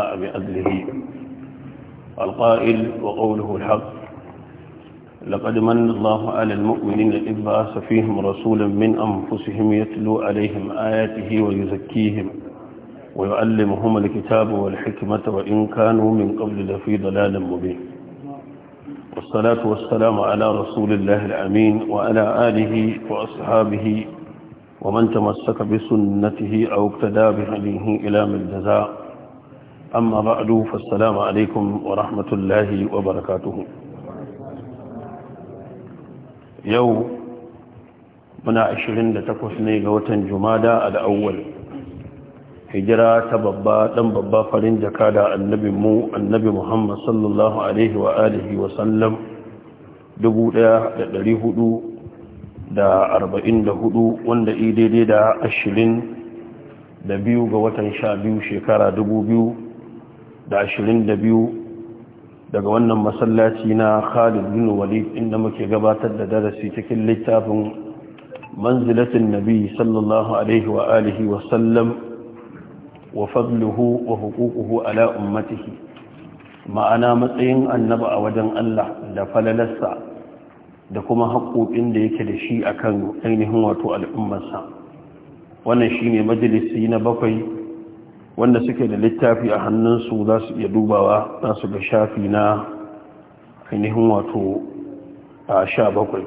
بأدله القائل وقوله الحق لقد من الله على المؤمنين إذ بعث فيهم رسولا من أنفسهم يتلو عليهم آياته ويزكيهم ويعلمهم الكتاب والحكمة وإن كانوا من قبل لفي ضلال مبين والصلاة والسلام على رسول الله الأمين وعلى آله وأصحابه ومن تمسك بسنته أو اقتدى بهديه إلى من جزاء amma ba a dufa salama alaikum wa rahmatullahi wa barakatuhu yau muna da 28 ne ga watan jumada al'awwal hijira ta babba dan babba farin jaka da annabinmu annabi muhammad sallallahu alaihi wa alihi wa da 1444 wanda idai da biyu ga watan 12 shekara 2000 da ashirin da biyu daga wannan masallaci na khalid bin walid inda muke gabatar da darasi cikin littafin manzilatin nabi sallallahu alaihi wa alihi wa sallam wa fadluhu wa hukukuhu, ala ummatihi ma'ana matsayin annaba a wajen Allah da falalarsa da kuma haƙoƙin da yake da shi akan ainihin wato al'ummarsa wannan shine majalisi na bakwai wanda suke da littafi a hannunsu za su iya dubawa za su ga shafi na ainihin wato a sha bakwai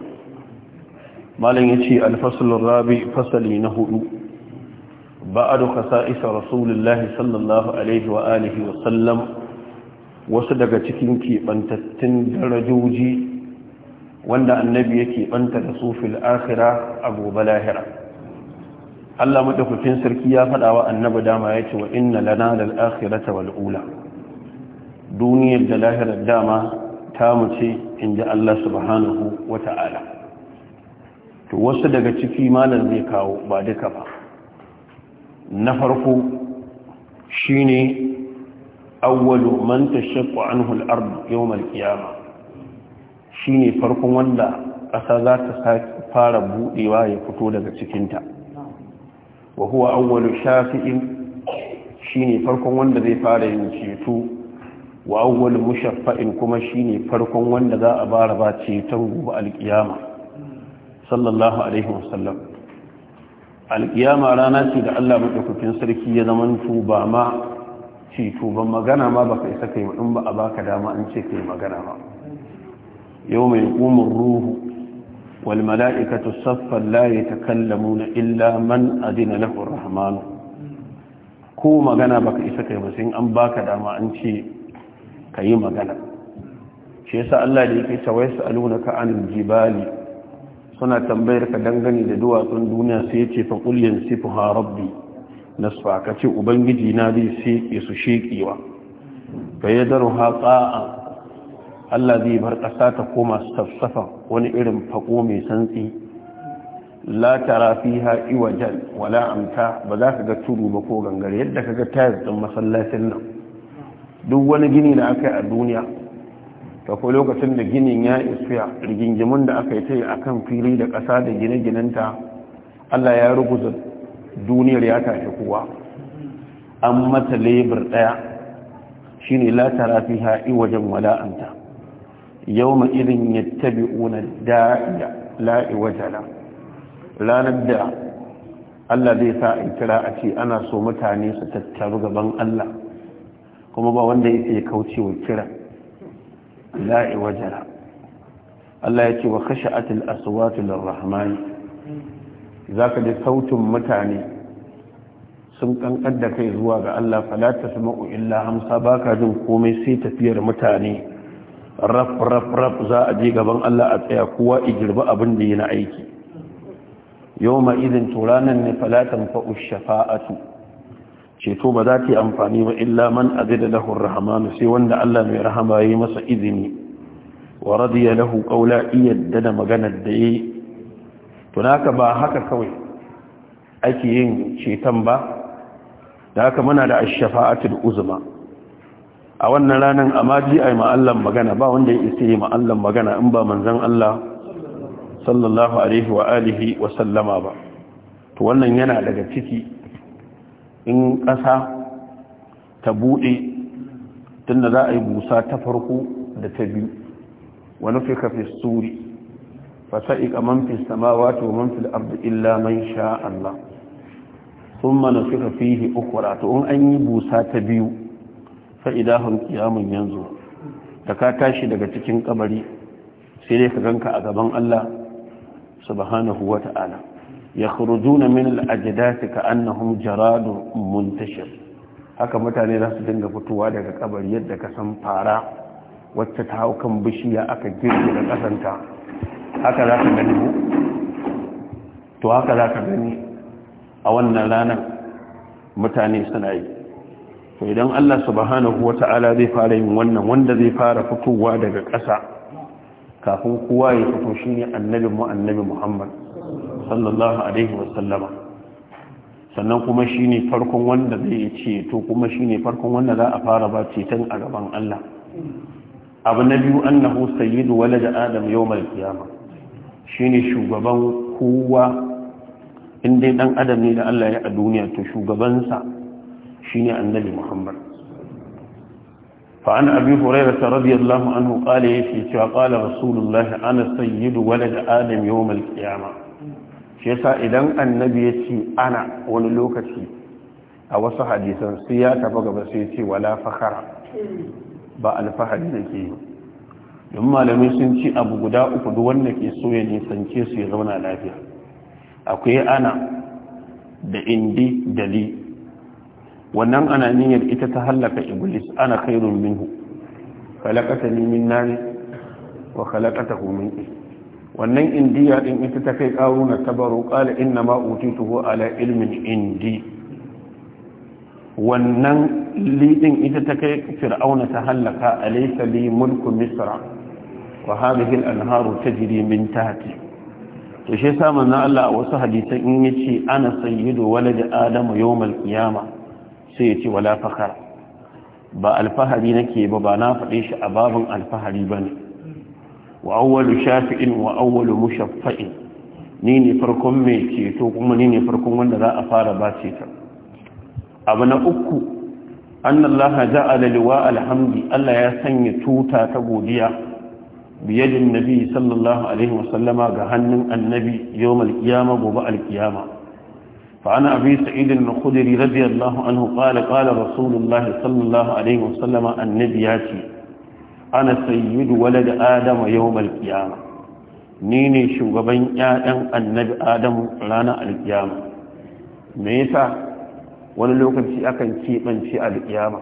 malin ya ce alfasulun rabi fasali na hudu ba'adu kasa'isa rasulullahi sallallahu alaihi wa alihi wasallam wasu daga cikin keɓantattun darajoji wanda annabi ya keɓanta da sufil akira a gobe lahira Allah madaukakin sarki ya faɗa wa annabi dama ya ce wa inna lana lal akhirata wal ula duniyar da lahirar dama ta mu ce in ji Allah subhanahu wa ta'ala to wasu daga ciki malam zai kawo ba duka ba na farko shine awwalu man tashaqqu anhu al-ard yawm al shine farkon wanda ƙasa za ta fara buɗewa ya fito daga cikinta wa huwa wani shafi'in ne farkon wanda zai fara yin ceto wa wani mushaffa'in kuma shine farkon wanda za a bara ba ceton gobe alkiyama sallallahu alaihi wasallam alkiyama rana ce da Allah madaukakin sarki ya zamanto ba ma ceto ban magana ma baka isa ka in ba a baka dama an ce ka yi magana ba yau mai umar ruhu والملائكة صفا لا يتكلمون إلا من أذن له rahmanu. ko magana baka isa kai ba sai an baka dama an ce ka yi magana shi yasa Allah da yake cewa yas'alunaka anil jibali suna tambayar ka dangane da duwatsun duniya sai yace fa qul yansifuha rabbi nasfa ka ubangiji na zai sai su shekewa fa yadaruha qa'a Allah zai bar ƙasa ta koma safsafa wani irin fako mai santsi la tara fiha iwajal wala amta ba za ka ga tudu ba ko gangare yadda ka ga tayar din masallacin nan duk wani gini da aka yi a duniya ta ko lokacin da ginin ya isuya rigingimun da aka yi ta yi a kan fili da ƙasa da gine-ginenta Allah ya rubuta duniyar ya tashi kowa an mata lebur ɗaya shine la tara fiha iwajen, wala amta yawma idin yattabi'una da'iya la'i iwajala ranar da Allah zai sa a kira a ce ana so mutane su tattaru gaban Allah kuma ba wanda yake kaucewa kira la iwajala Allah ya ce wa khashi'atil aswatu za zaka ji sautin mutane sun kankar da kai zuwa ga Allah fala tasma'u illa hamsa baka jin komai sai tafiyar mutane raf raf raf za a je gaban Allah a tsaya kowa igirba abin da yi na aiki yau ma izin turanan ne falatan fa'u shafa'atu ceto ba za ta yi amfani ba illa man azida lahu rahamanu sai wanda Allah mai rahama yi masa izini wa radiya lahu ƙaula iyadda da maganar da yi tunaka ba haka kawai ake yin ceton ba da haka muna da ash uzma a wannan ranar amaji ai ma'allan magana ba wanda ya isa yi ma'allan magana in ba manzan Allah sallallahu alaihi wa alihi wa sallama ba to wannan yana daga ciki in ƙasa ta buɗe tunda za a yi busa ta farko da ta biyu wani fika fi suri fasa'iƙa man fi samawa man fi illa man sha Allah sun mana fika fihi ukura to in an yi busa ta biyu fa'idahun kiyamun yanzu da ka tashi daga cikin kabari sai dai ka ganka a gaban Allah subhanahu wa ta'ala ya khurujuna min al'ajidati ka annahum jaradu muntashir haka mutane za su dinga fitowa daga kabari yadda ka san fara wacce ta hau kan bishiya aka girki da kasanta haka za ka gani to haka za ka gani a wannan ranar mutane suna yi to idan Allah subhanahu wata'ala zai fara yin wannan wanda zai fara fitowa daga ƙasa kafin kowa ya fito shine annabi mu annabi Muhammad sallallahu alaihi wasallama sannan kuma shine farkon wanda zai ce to kuma shine farkon wanda za a fara ba cetan a gaban Allah abu na biyu annahu sayyidu walad adam yawmal qiyamah shine shugaban kowa in dai dan adam ne da Allah ya a duniya to shugabansa shi ne annabi muhammad fa’an abin hurairata radiyallahu an hukali ya ce cewa ƙala rasulullah ana sayyidu wadda da adam yau malkiyama shi yasa idan annabi ya ce ana wani lokaci a wasu hadisan sai ya taba gaba sai ce wala fahara ba alfahari da ke yi don malamai sun ci abu guda uku duk wanda ke so ya nisance su ya zauna lafiya akwai ana da indi da wannan ana niyyar ita ta hallaka iblis ana khairun minhu khalaqatani min nar wa khalaqatahu min tin wannan indiya din ita ta kai karuna tabaru qala inna ma utituhu ala ilmin indi wannan lidin ita ta kai fir'auna ta hallaka alaysa li mulku misra wa hadhihi al-anharu tajri min tahti to shi yasa manzo Allah a wasu hadisan in yace ana sayyidu walad adam yawm al-qiyamah sai ya ce wala fakar ba alfahari nake ba ba na faɗe shi a babin alfahari ba ne wa awwalu shafi'in wa awwalu mushaffa'in ni ne farkon mai ceto kuma ni ne farkon wanda za a fara ba ceto abu na uku annallaha ja'ala liwa alhamdi Allah ya sanya tuta ta godiya biyadin nabi sallallahu alaihi wasallama ga hannun annabi yawmal gobe Alkiyama. فعن أبي سعيد الخدري رضي الله عنه قال قال رسول الله صلى الله عليه وسلم النبياتي أنا سيد ولد آدم يوم القيامة نيني شغبين آدم النبي آدم رانا القيامة ميسا ونلوك في أكن من في القيامة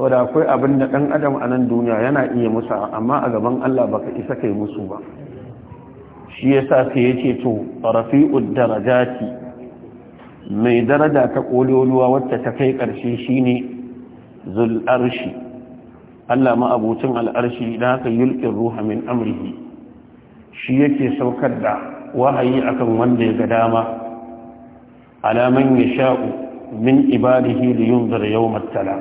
saboda akwai abin da ɗan adam a nan duniya yana iya musa amma a gaban Allah baka isa kai musu ba shi yasa sai yace to rafi'ud darajati mai daraja ta ƙololuwa wacce ta kai ƙarshe shi ne zul'arshi. Allah ma'abucin al'arshi da haka yulkin ruha min amrihi shi yake saukar da wahayi akan wanda ya ga dama alaman ya sha'u min ibadihi da yunzar yau matala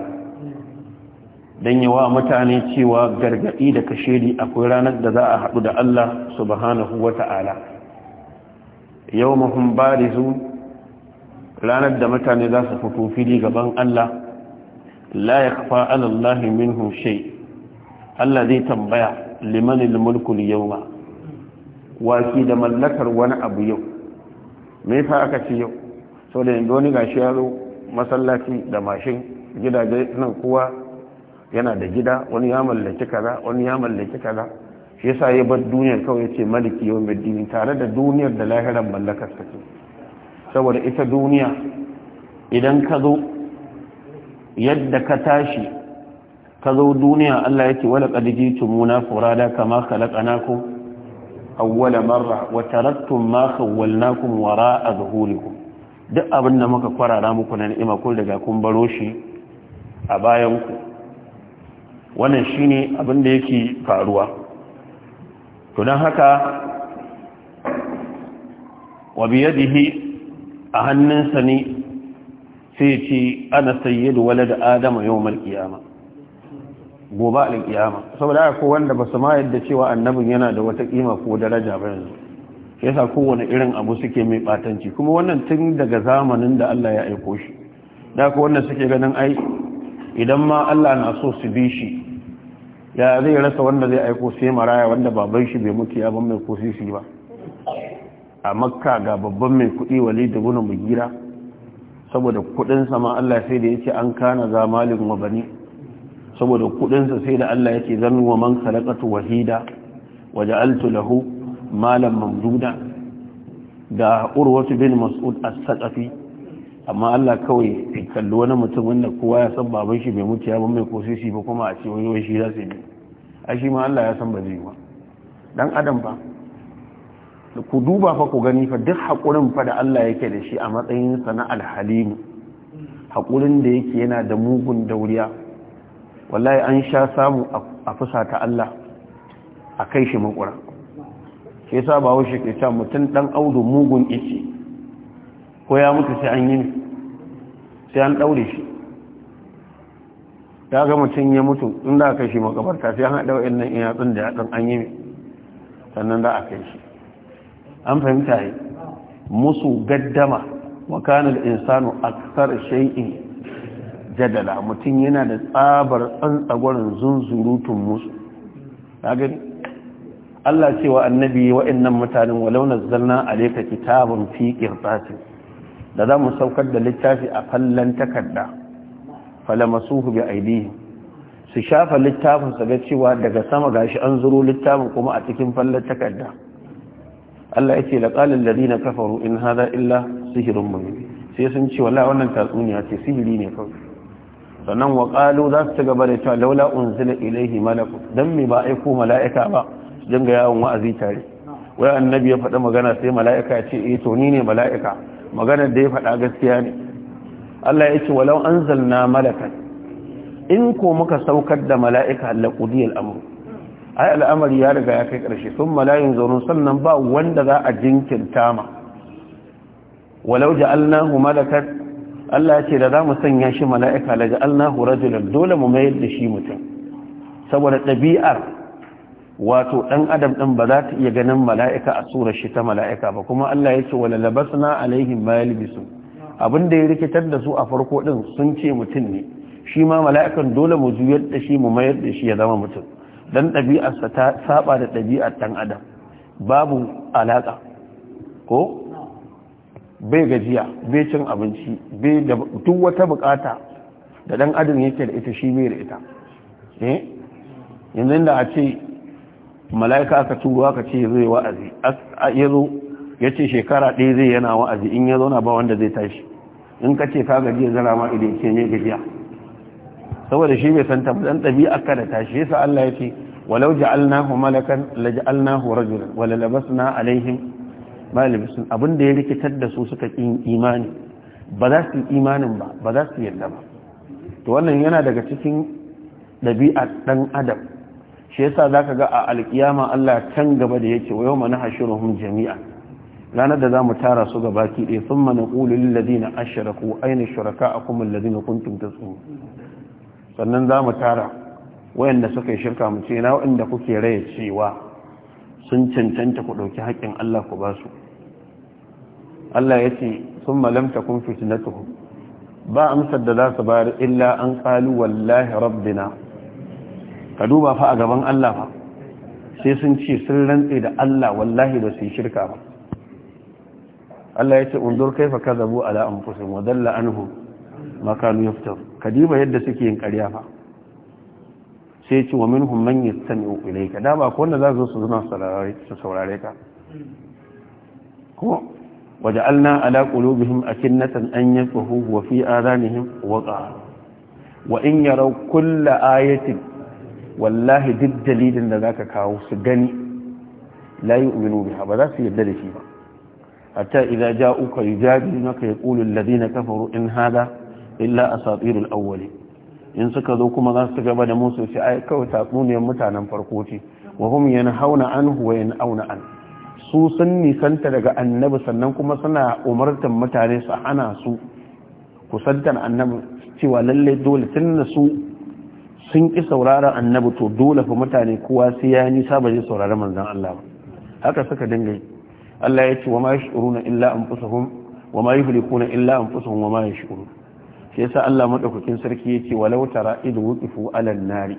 don yawa mutane cewa gargaɗi da kashedi akwai ranar da za a haɗu da Allah subhanahu wa ta'ala yau mahun barizu ranar da mutane za su fito fili gaban Allah la ya kafa alallahi min hushe Allah zai tambaya limanin mulkul yau al waki da mallakar wani abu yau me fa aka ce yau da yanzu wani gashi yaro masallaci da mashin gidaje nan kowa yana da gida wani ya mallaki kaza wani ya mallaki kaza shi yasa ya bar duniyar kawai ya ce maliki yawmiddin tare da duniyar da lahiran mallakar sa saboda ita duniya idan ka zo yadda ka tashi ka zo duniya Allah yake wala qad jitumuna furada kama khalaqnakum awwala marra wa rattun ma khawwalnakum wara'a zuhurikum duk abin da muka kwarara muku na ni'ima ko daga kun baro shi a bayan ku wannan shine abin da yake faruwa to don haka wa biyadihi a hannunsa ne sai ce ana sayyidu wale da adama yau malkiyama gobe alkiyama saboda haka kowanda ba su ma yadda cewa annabin yana da wata kima ko daraja ba yanzu ya sa kowane irin abu suke mai batanci kuma wannan tun daga zamanin da Allah ya aiko shi da aka wannan suke ganin ai idan ma Allah na so su bi shi ya zai rasa wanda zai aiko sai maraya wanda baban shi bai mutu ya ban mai ko shi ba a makka ga babban mai kudi wali da guna mugira saboda kudinsa ma Allah sai da yake an kana za malin wa bani saboda kudinsa sai da Allah yake zan wa man khalaqatu wahida wa ja'altu lahu malan mamduda da urwatu bin mas'ud as-saqafi amma Allah kawai ya kalli wani mutum wanda kowa ya san baban shi bai mutu ya ban mai kosisi ba kuma a ce wani shi za su yi ai shi ma Allah ya san ba zai ba dan adam ba ku duba fa ku gani fa duk haƙurin fa da Allah yake da shi a matsayin sa na alhalimu haƙurin da yake yana da mugun dauriya wallahi an sha samu a fusa ta Allah a kai shi makura shi yasa ba shi ke mutum dan audu mugun ice ko ya mutu sai an yi sai an daure shi ya ga mutum ya mutu in da aka shi makabarta sai an haɗa wa'in nan yatsun da yatsun an yi sannan da aka yi shi an fahimta yi musu gaddama wa insanu akthar shay'in jadala mutum yana da tsabar tsantsagwarin zunzurutun musu ta gani Allah ce wa annabi wa'annan mutanen walau nazzalna alayka kitabun fi qirtasin da za mu saukar da littafi a fallan takarda falamasuhu bi aidihim su shafa littafin su ga cewa daga sama gashi an zuru littafin kuma a cikin fallan takarda Allah ya ce laƙalin ladina kafaru in hada illa sihirin mubin sai sun ce wala wannan tatsuniya ce sihiri ne kawai sannan wa qalu za su gaba da cewa laula unzila ilaihi malaku dan me ba aiko mala'ika ba dan yawon wa'azi tare wai annabi ya faɗa magana sai mala'ika ya ce eh to ni ne mala'ika magana da ya faɗa gaskiya ne Allah ya ce walau anzalna malakan in ko muka saukar da mala'ika laqudiyal amru ai al'amari ya riga ya kai ƙarshe sun malayin zaune sannan ba wanda za a jinkirta ma walau allahu malakat Allah ya ce da za mu sanya shi mala'ika la allahu rajulan dole mu mayar da shi mutum saboda ɗabi'ar wato ɗan adam ɗin ba za ta iya ganin mala'ika a surar shi ta mala'ika ba kuma Allah ya ce wala labasna alaihim ma yalbisu abin da ya rikitar da su a farko ɗin sun ce mutum ne shi ma mala'ikan dole mu juyar da shi mu mayar da shi ya zama mutum dan ɗabi'arsa ta saba da ɗabi'ar ɗan adam babu alaƙa ko bai gajiya bai cin abinci bai da duk wata bukata da ɗan adam yake da ita shi bai da ita eh? yanzu da a ce mala'ika aka turo aka ce zai wa'azi a yazo ya ce shekara ɗaya zai yana wa'azi in ya na ba wanda zai tashi in ka ce ka gajiya zara ma idan ce ne gajiya saboda shi bai san ba dan dabi'a ka da tashi yasa Allah ya ce walau ja'alnahu malakan laj'alnahu rajulan wala labasna alaihim malibisun abin da ya rikitar da su suka ƙin imani ba za su imanin ba ba za su yadda ba to wannan yana daga cikin ɗabi'a dan adam shi yasa za ka ga a alƙiyama Allah can gaba da yake wa yau mana hashiruhum jami'a ranar da za mu tara su ga baki ɗaya sun mana ƙulu lillazina ashiraku aini shuraka a kuma lillazina kuntum ta sannan za mu tara wayanda suka yi shirka mu ce na wayanda kuke raya cewa sun cancanta ku ɗauki haƙƙin Allah ku ba su Allah ya ce sun malamta kun fitnatuhu ba amsar da za su bayar illa an ƙalu wallahi rabbina ka duba fa a gaban Allah fa sai sun ce sun rantse da Allah wallahi da su yi shirka ba Allah ya ce undur kaifa kazabu ala anfusihim wa dalla anhum ma kanu yaftarun kadiba yadda suke yin ƙarya fa sai ce wa minhum sani yastami'u ilayka da ba ko wanda za su zo su zuna su saurare ka ko waja'alna ala qulubihim akinnatan an yafqahu wa fi adanihim waqa wa in yaraw kulla ayatin wallahi duk dalilin da zaka kawo su gani Layi yu'minu biha ba za su yarda da shi ba hatta idza maka ya yaqulu alladhina kafaru in hadha illa asatirul awwali in suka zo kuma za su gaba da musu su ai kawai tatsuniyar mutanen farko ce wa hum an huwa wa auna an su sun nisanta daga annabi sannan kuma suna umartan mutane su ana su kusantan annabi cewa lalle dole tunda su sun ki sauraron annabi to dole fa mutane kowa sai ya nisa ba zai saurari manzon Allah ba haka suka dinga Allah ya ce wa ma yashuruna illa anfusahum wa ma yuhlikuna illa anfusahum wa ma yashuruna shi yasa Allah madaukakin sarki yace walau tara id wuqifu ala nari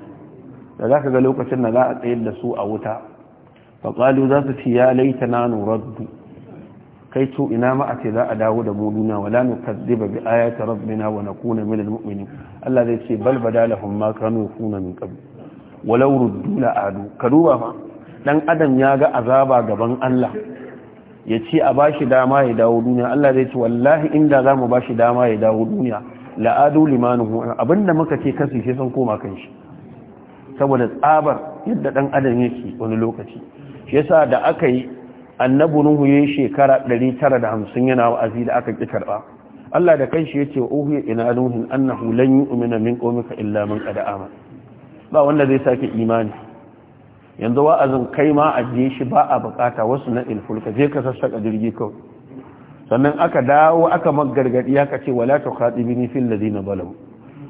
da zaka ga lokacin da za a tsayar da su a wuta fa qalu za su ci ya laitana nuraddu kai to ina ma a ce za a dawo da mu duniya wala nukazziba bi ayati rabbina wa nakuna minal mu'minin Allah zai ce bal badalahum ma kanu kuna min qabl walau ruddu la adu ka duba fa dan adam ya ga azaba gaban Allah ya ce a bashi dama ya dawo duniya Allah zai ce wallahi inda za mu bashi dama ya dawo duniya la'adu limanuhu abinda muka ce kasu sai sun koma kan shi saboda tsabar yadda dan adam yake wani lokaci shi yasa da aka yi annabi nuhu yayi shekara 950 yana wa'azi da aka ki karba Allah da kanshi yace uhu ina nuhu annahu lan yu'mina min qawmika illa man qad ba wanda zai sake imani yanzu wa'azin kai ma ajiye shi ba a bukata wasu na ilfulka je ka sassaka jirgi kawai sannan aka dawo aka magargadi aka ce wala ta khadi bini fil ladina zalamu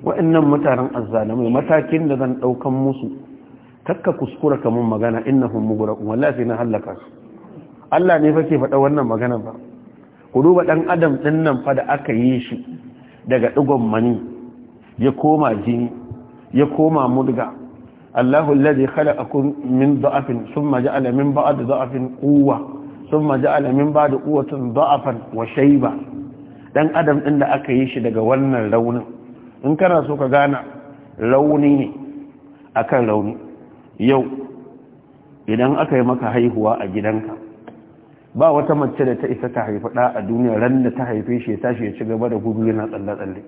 wa'annan mutanen azzalimai matakin da zan ɗaukan musu kaka kuskura kamun magana innahum mughraqun sai na halaka su Allah ne fa ke faɗa wannan magana ba ku duba ɗan adam ɗinnan nan fa da aka yi shi daga digon mani ya koma jini ya koma mudga Allahu alladhi khalaqakum min dha'fin thumma ja'ala min da dha'fin quwwah sun maji alamin ba da kuwatin za'afan wa shaiba dan adam ɗin da aka yi shi daga wannan raunin in kana so ka gana rauni ne akan rauni yau idan aka yi maka haihuwa a gidanka ba wata mace da ta isa ta haifi ɗa a duniya ran da ta haife shi ya shi ya ci gaba da gudu yana tsalle-tsalle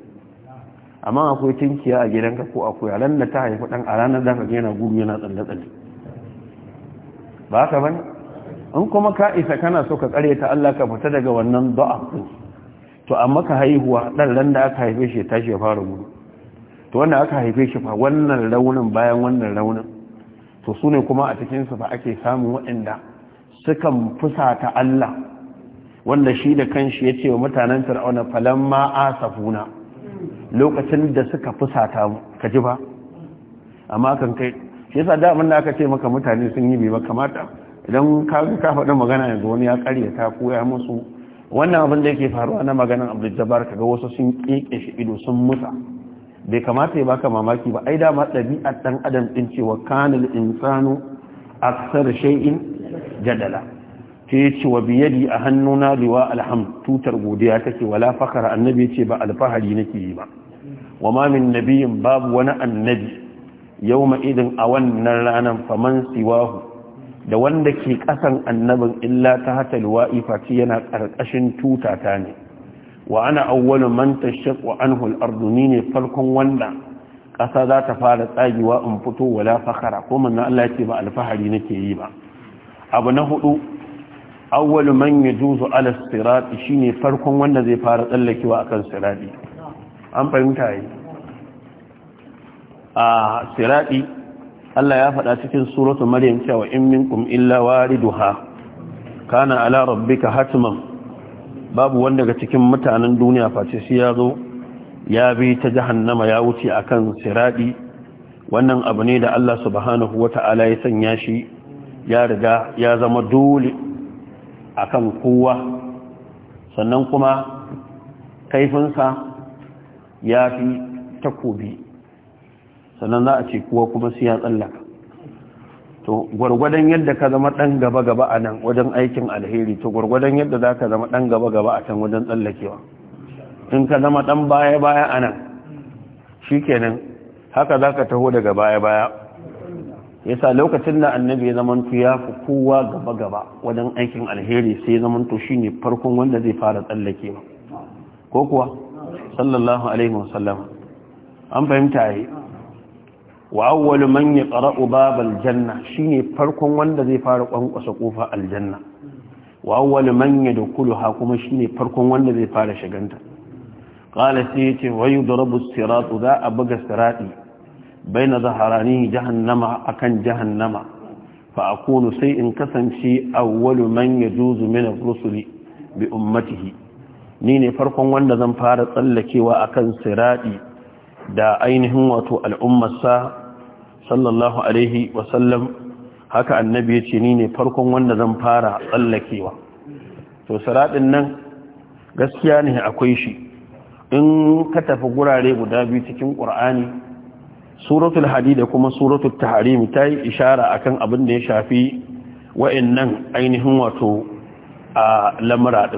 amma akwai tinkiya a gidanka ko akwai ran da ta haifi ɗan a ranar da ka yana gudu yana tsalle-tsalle ba ka bane in kuma ka isa kana so ka tsare ta Allah ka fita daga wannan du'a to amma ka haihuwa dan ran da aka haife shi tashi ya fara gudu to wanda aka haife shi fa wannan raunin bayan wannan raunin to sune kuma a cikin su fa ake samun waɗanda sukan fusata Allah wanda shi da kanshi yace wa mutanen Fir'auna falamma asafuna lokacin da suka fusata mu ka ji ba amma kan kai shi yasa da mun aka ce maka mutane sun yi bai ba kamata idan ka ka faɗi magana yanzu wani ya ƙarya ta koya musu wannan abin da yake faruwa na maganan abdul kaga wasu sun keke shi ido sun musa bai kamata ya baka mamaki ba ai dama ɗabi'ar ɗan adam ɗin cewa kanil insanu aksar shay'in jadala ke cewa biyadi a hannuna liwa alham tutar godiya take wala fakara annabi ce ba alfahari nake yi ba wa ma min nabiyin babu wani annabi yau idin a wannan ranar faman siwahu da wanda ke ƙasan annabin illa ta hata luwa'i yana ƙarƙashin tutata ne wa ana awwalu man wa anhu al-ardu ne farkon wanda ƙasa za ta fara tsagewa in fito wala fakhara ko manna Allah ce ba alfahari nake yi ba abu na hudu awwalu man yajuzu ala sirati shine farkon wanda zai fara tsallakewa akan sirati an fahimta yi a sirati Allah ya faɗa cikin suratu Maryam cewa in minkum illa wariduha kana ala rabbika hatman babu wanda daga cikin mutanen duniya face shi ya zo ya bi ta jahannama ya wuce akan siradi wannan abu ne da Allah subhanahu wata'ala ya sanya shi ya riga ya zama dole akan kowa sannan kuma kaifinsa ya fi takobi sannan za a ce kuwa kuma su ya tsallaka to gwargwadon yadda ka zama ɗan gaba-gaba a nan wajen aikin alheri to gwargwadon yadda za ka zama ɗan gaba-gaba a can wajen tsallakewa in ka zama ɗan baya-baya a nan shi kenan haka za ka taho daga baya-baya Ya sa lokacin da annabi ya zamantu ya fi kowa gaba-gaba wajen aikin alheri sai ya to shi ne farkon wanda zai fara tsallakewa ko kuwa sallallahu alaihi wasallam an fahimta yi wa awwalu man yaqra'u babal janna shine farkon wanda zai fara kwankwasa kofa aljanna wa awwalu man yadkhuluha kuma shine farkon wanda zai fara shiganta qala sai yace wa yudrabu as-siratu za a buga sirati baina zaharani jahannama akan jahannama fa akunu sai in kasance awwalu man yajuzu min ar-rusuli bi ummatihi ni ne farkon wanda zan fara tsallakewa akan sirati da ainihin wato al'ummarsa sallallahu alaihi wasallam haka annabi ya ce ni ne farkon wanda zan fara tsallakewa to saraɗin nan gaskiya ne akwai shi in ka tafi gurare guda biyu cikin ƙur'ani suratul hadi da kuma suratul taharim ta yi ishara akan abin da ya shafi wa'annan ainihin wato a lamura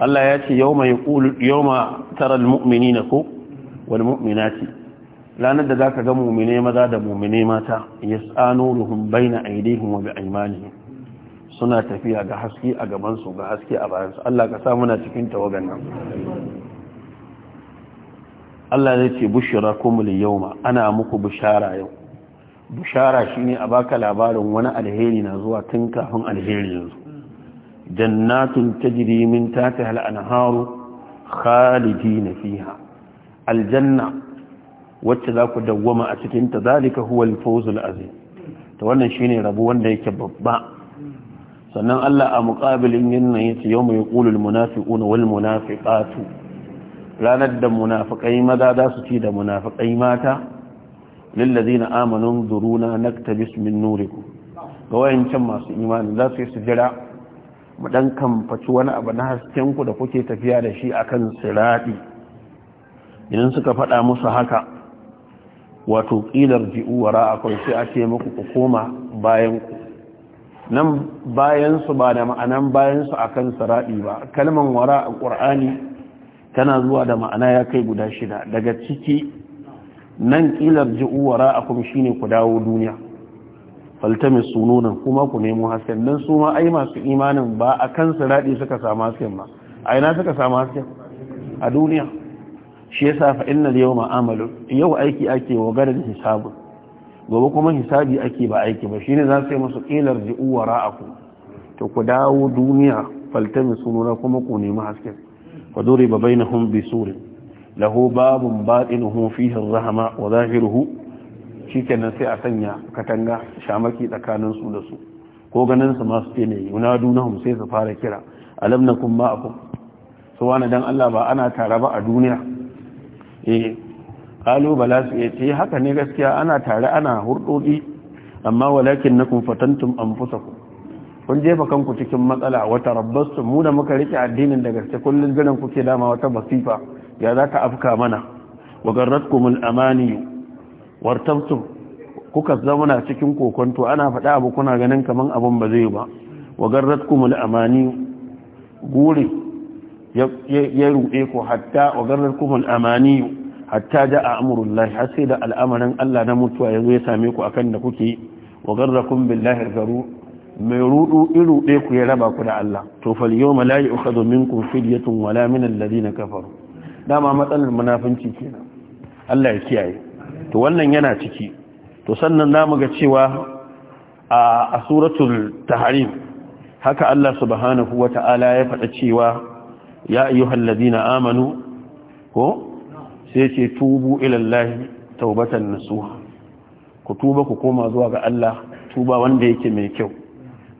Allah ya ce yau mai yau ma taral mu'minina ko wal mu'minati ranar da za ka ga mumine maza da mumine mata ya tsano ruhun baina aidihim wa bi'aimanihim suna tafiya ga haske a gabansu ga haske a bayansu Allah ka sa muna cikin tawagan nan Allah zai ce bushira kumul yawma ana muku bushara yau bushara shine a baka labarin wani alheri na zuwa tun kafin alheri yanzu jannatun tajri min tahtiha al-anharu khalidina fiha aljanna wacce za ku dawwama a cikin ta zalika huwa al-fawzul azim to wannan shine rabo wanda yake babba sannan Allah a muqabilin yannan yace yawma yaqulu al wal munafiqatu ranar da munafiqai maza za su ci da munafiqai mata lil ladina amanu duruna naktabis min nurikum ga wayancan masu imani za su yi jira mu dan kamfaci wani abu na hasken ku da kuke tafiya da shi akan sirati idan suka faɗa musu haka wato ƙilar ji'u wara akwai sai a ce muku ku koma bayan nan bayansu ba da ma'anan bayansu a kan sara'i ba kalman wara a ƙur'ani tana zuwa da ma'ana ya kai guda shida daga ciki nan ƙilar ji'u wara a kuma shine ku dawo duniya mai sununan kuma ku nemo hasken don su ma ai masu imanin ba a kan sara'i suka samu hasken ba a ina suka samu hasken a duniya shi yasa fa innal yawma amalu yau aiki ake wa da hisabu gobe kuma hisabi ake ba aiki ba shine za su yi musu ƙilar ji'uwa ra'aku? to ku dawo duniya faltami sununa kuma ku nemi haske fa duriba bainahum bisurin lahu babun batinuhu fihi ar-rahma wa zahiruhu shikenan sai a sanya katanga shamaki tsakanin su da su ko ganin su masu ce ne yunadunahum sai su fara kira alam nakum ma'akum su wani dan Allah ba ana tare ba a duniya eh kalu bala su yace haka ne gaskiya ana tare ana hurdodi amma walakin nakum fatantum anfusakum kun jefa kanku cikin matsala wata tarabbastu mu da muka rike addinin da gaske kullun jiran kuke dama wata basifa ya za afka mana wa al amani wartabtum kuka zauna cikin kokonto ana faɗa abu kuna ganin kaman abun ba zai ba wa al amani gure ya ruɗe ku hatta wagarar kuma al'amani hatta da a amurullahi har sai da al'amarin Allah na mutuwa ya zo ya same ku akan da kuke wagarar kun billahi garu mai ruɗe ku ya raba ku da Allah to fal yau malayi uka domin kun fidyatun wala min alladhi na kafaru dama matsalar munafunci kenan Allah ya kiyaye to wannan yana ciki to sannan namu ga cewa a suratul tahrim haka Allah subhanahu wata'ala ya faɗa cewa ya ayyuhal ladina amanu ko sai ce tubu ilallahi taubatan nasuha ku tuba ku koma zuwa ga Allah tuba wanda yake mai kyau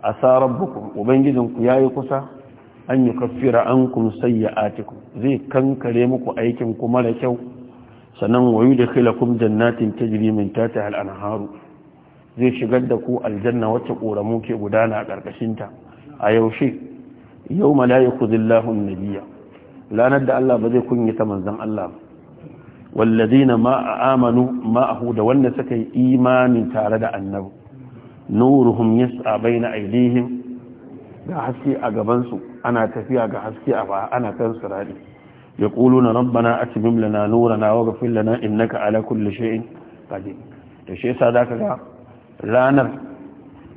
asa rabbukum ubangijinku yayi kusa an yi kaffira an kun atiku zai kankare muku aikin ku mara kyau sannan wayu da khilakum jannatin tajri min tahtiha al-anharu zai shigar da ku aljanna wacce koramu ke gudana a ƙarƙashinta a yaushe yau ma la yakhudhu Allahu nabiyya lanar da Allah ba zai kunyata manzon Allah ba wallazina ma amanu ma'ahu da wanda suka yi imanin tare da annabi nuruhum yas'a baina aydihim ga haske a gabansu ana tafiya ga haske a ba ana kan sirari ya kulu na rabbana a cibin lana nura na waga fillana in innaka ala kulle shay'in qadir to shi yasa zaka ga ranar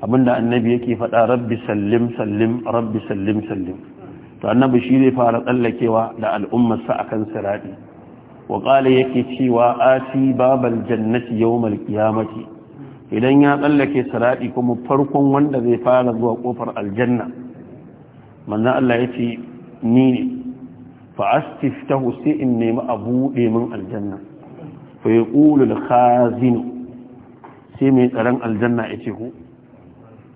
abinda annabi yake faɗa rabbi sallim sallim rabbi sallim sallim to annabi shi zai fara tsallakewa da sa akan sirati wa qala yake cewa ati babal jannati yawmal qiyamati idan ya tsallake sirati kuma farkon wanda zai fara zuwa kofar aljanna manzon Allah yace ni ne fa astiftahu sai in nemi abu min aljanna fa yaqulu al-khazin sai mai tsaron aljanna yace ku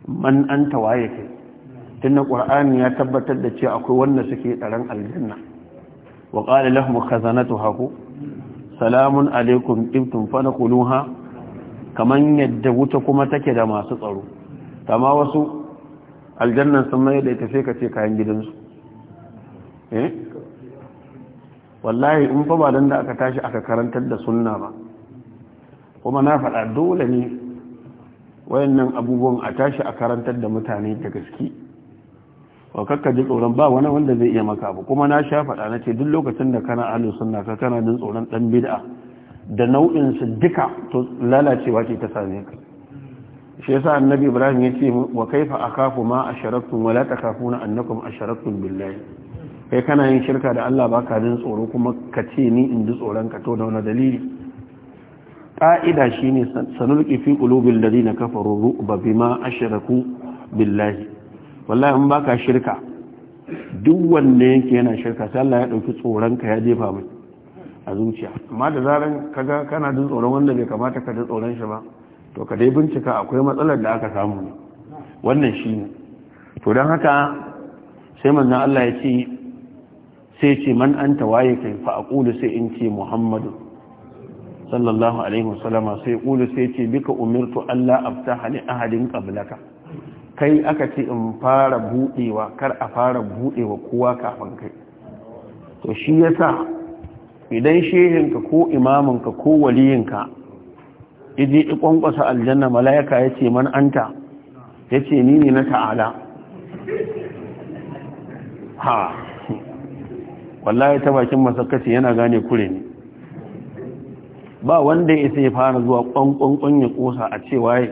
man an tawaye kai tunda ƙur'ani ya tabbatar da cewa akwai wanda suke tsaron aljanna wa qala lahum khazanatuha ku salamun alaikum ibtum fanquluha kaman yadda wuta kuma take da masu tsaro kama wasu aljannan sun mai da ita sai ka ce kayan gidansu eh wallahi in fa ba dan da aka tashi aka karantar da sunna ba kuma na faɗa dole ne wayannan abubuwan a tashi a karantar da mutane da gaske wa kakka ji tsoron ba wani wanda zai iya maka abu kuma na sha faɗa na ce duk lokacin da kana alu sunna ka kana jin tsoron ɗan bid'a da nau'in su duka to lalacewa ce ta same ka shi yasa annabi ibrahim ya ce wa kaifa akafu ma asharaktum wala takafuna annakum asharaktum billahi kai kana yin shirka da Allah baka jin tsoro kuma ka ce ni in ji tsoron ka to da wani dalili ƙa'ida shi ne sanulki fi ƙulubin da na kafa ruru ba bi ma a shiraku billahi wallahi in baka shirka duk wanda yake yana shirka sai Allah ya ɗauki tsoronka ya jefa mai a zuciya amma da zaran kaga kana jin tsoron wanda bai kamata ka ji tsoron shi ba to ka dai bincika akwai matsalar da aka samu wannan shi ne to don haka sai manzon Allah ya ce sai ce man anta waye kai fa aqulu sai in ce muhammadu sallallahu alaihi wasallama sai kulu sai ce bika umirtu Allah aftaha li ahadin qablaka kai aka ce in fara budewa kar a fara budewa kowa kafin kai to shi yasa idan shehin ka ko ka ko waliyinka iji ikwankwasa aljanna mala'ika ya ce man anta ya ce ni ne na ta'ala ha wallahi ta bakin masakaci yana gane kure ne ba wanda ya sai fara zuwa ƙwanƙwanƙwan ya ƙosa a cewa ya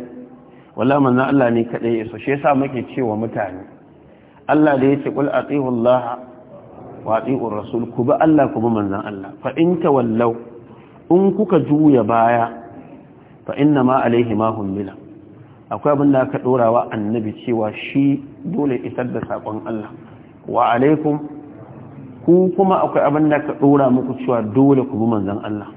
wala manzan Allah ne kaɗai ya so shi yasa muke cewa mutane Allah da ya ce a tsihun Allah wa tsihun rasul ku bi Allah ku bi manzan Allah fa wallau in kuka juya baya fa ma alaihi ma hummila akwai abin da aka dorawa annabi cewa shi dole isar da sakon Allah wa alaikum ku kuma akwai abin da aka ɗora muku cewa dole ku bi manzan Allah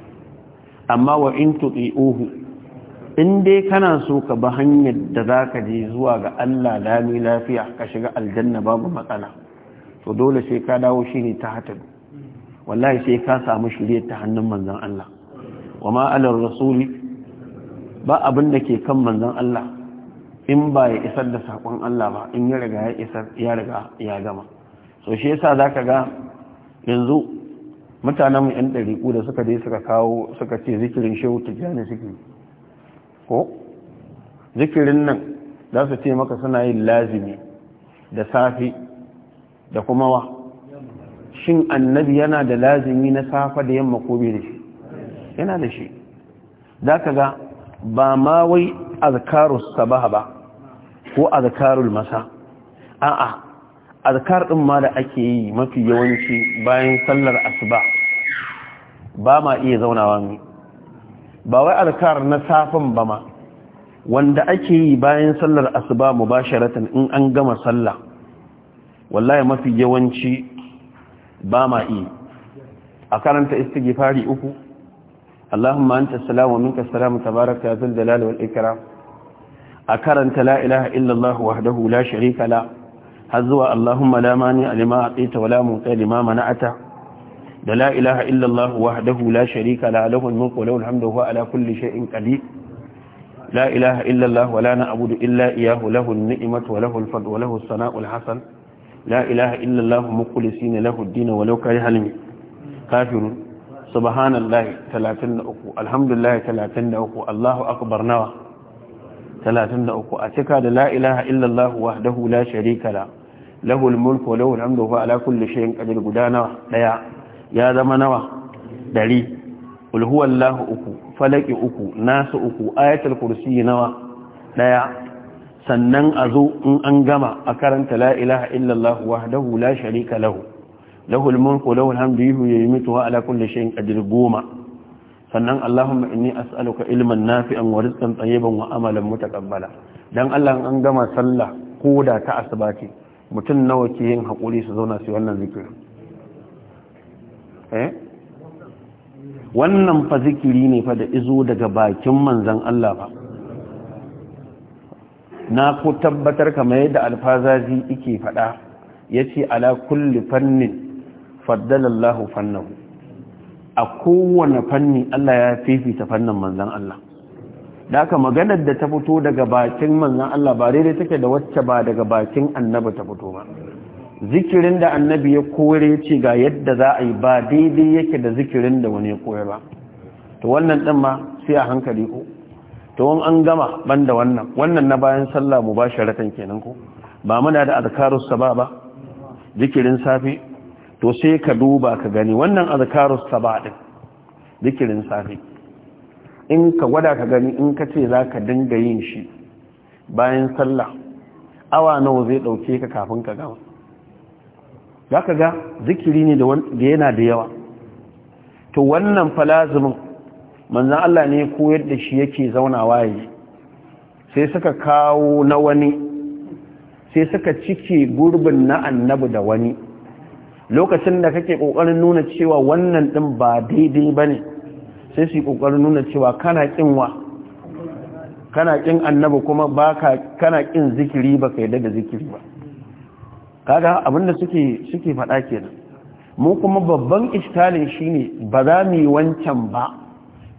amma wa in tuti'uhu in dai kana so ka ba hanyar da za ka je zuwa ga Allah dami lafiya ka shiga aljanna babu matsala to dole sai ka dawo shine ta hatar wallahi sai ka samu shirye ta hannun manzon Allah wa ma alar rasuli ba abin da ke kan manzon Allah in ba ya isar da sakon Allah ba in ya riga ya isar ya riga ya gama so shi yasa zaka ga yanzu mutanen yan ɗariƙu da suka dai suka kawo suka ce zikirin shehu tijjani suke ko zikirin nan za su ce maka suna yin lazimi da safi da kuma wa shin annabi yana da lazimi na safa da yamma ko bai da shi yana da shi za ka ga ba ma wai azkarus sabaha ba ko azkarul masa a'a azkar din ma da ake yi mafi yawanci bayan sallar asuba ba ma iya zaunawa mu ba wai alkar na safin ba ma wanda ake yi bayan sallar asuba mu mubasharatan in an gama sallah wallahi mafi yawanci ba ma iya a karanta fari uku Allahumma anta salamu minka salamu tabaraka ya zal jalali wal ikram a karanta la ilaha illallah wahdahu la sharika la har zuwa Allahumma la mani alima aqita wala mu'ti lima mana'ata da la ilaha illallah wahdahu la sharika la lahu al-mulku wa lahu al-hamdu wa ala kulli shay'in qadir la ilaha illallah wa la na'budu illa iyyahu lahu an-ni'matu wa lahu al-fadlu wa lahu as-sana'u al-hasan la ilaha illallah mukhlisina lahu ad-din wa law kariha al-kafirun subhanallahi 33 alhamdulillah 33 allahu akbar nawa 33 a cika da la ilaha illallah wahdahu la sharika la lahu al-mulku wa lahu al-hamdu wa ala kulli shay'in qadir gudana daya ya zama nawa ɗari ulhuwallahu uku falaki uku nasu uku ayatul kursi nawa ɗaya sannan a zo in an gama a karanta la ilaha illallah wahdahu la sharika lahu lahul mulku lahul hamdu yuhyi wa ala kulli shay'in ƙadir goma sannan allahumma inni as'aluka ilman nafi'an wa rizqan tayyiban wa amalan mutaqabbala dan Allah an gama sallah koda ta asbati mutun nawa ke yin hakuri su zauna su wannan zikirin Eh? wannan fa zikiri ne fa da izo daga bakin manzan Allah ba na ku tabbatar kamar yadda alfazazi yake faɗa yace ala kulli fannin faddalallahu fannahu a kowane fanni Allah ya fifita fannin manzan Allah da ka maganar da ta fito daga bakin manzan Allah ba daidai take da wacce ba daga bakin annabi ta fito ba zikirin da annabi ya kore ce ga yadda za a yi ba daidai yake da zikirin da wani ya koyar ba to wannan din ma sai a hankali ko to wani an gama ban da wannan wannan na bayan sallah mu ba sharatan kenan ko ba muna da azkarus saba ba zikirin safi to sai ka duba ka gani wannan azkarus saba din zikirin safi in ka gwada ka gani in ka ce za ka dinga yin shi bayan sallah awa nawa zai ɗauke ka kafin ka gama za ka ga zikiri ne da yana da yawa to wannan falazimin manzan Allah ne ko yadda shi yake zauna waye sai suka kawo na wani sai suka cike gurbin na annabu da wani lokacin da kake kokarin nuna cewa wannan din ba daidai bane sai su yi kokarin nuna cewa kana kinwa kana kin annabi kuma baka kana kin zikiri baka yadda da zikiri ba kaga abinda suke suke faɗa kenan mu kuma babban iskalin shine ba za mu yi wancan ba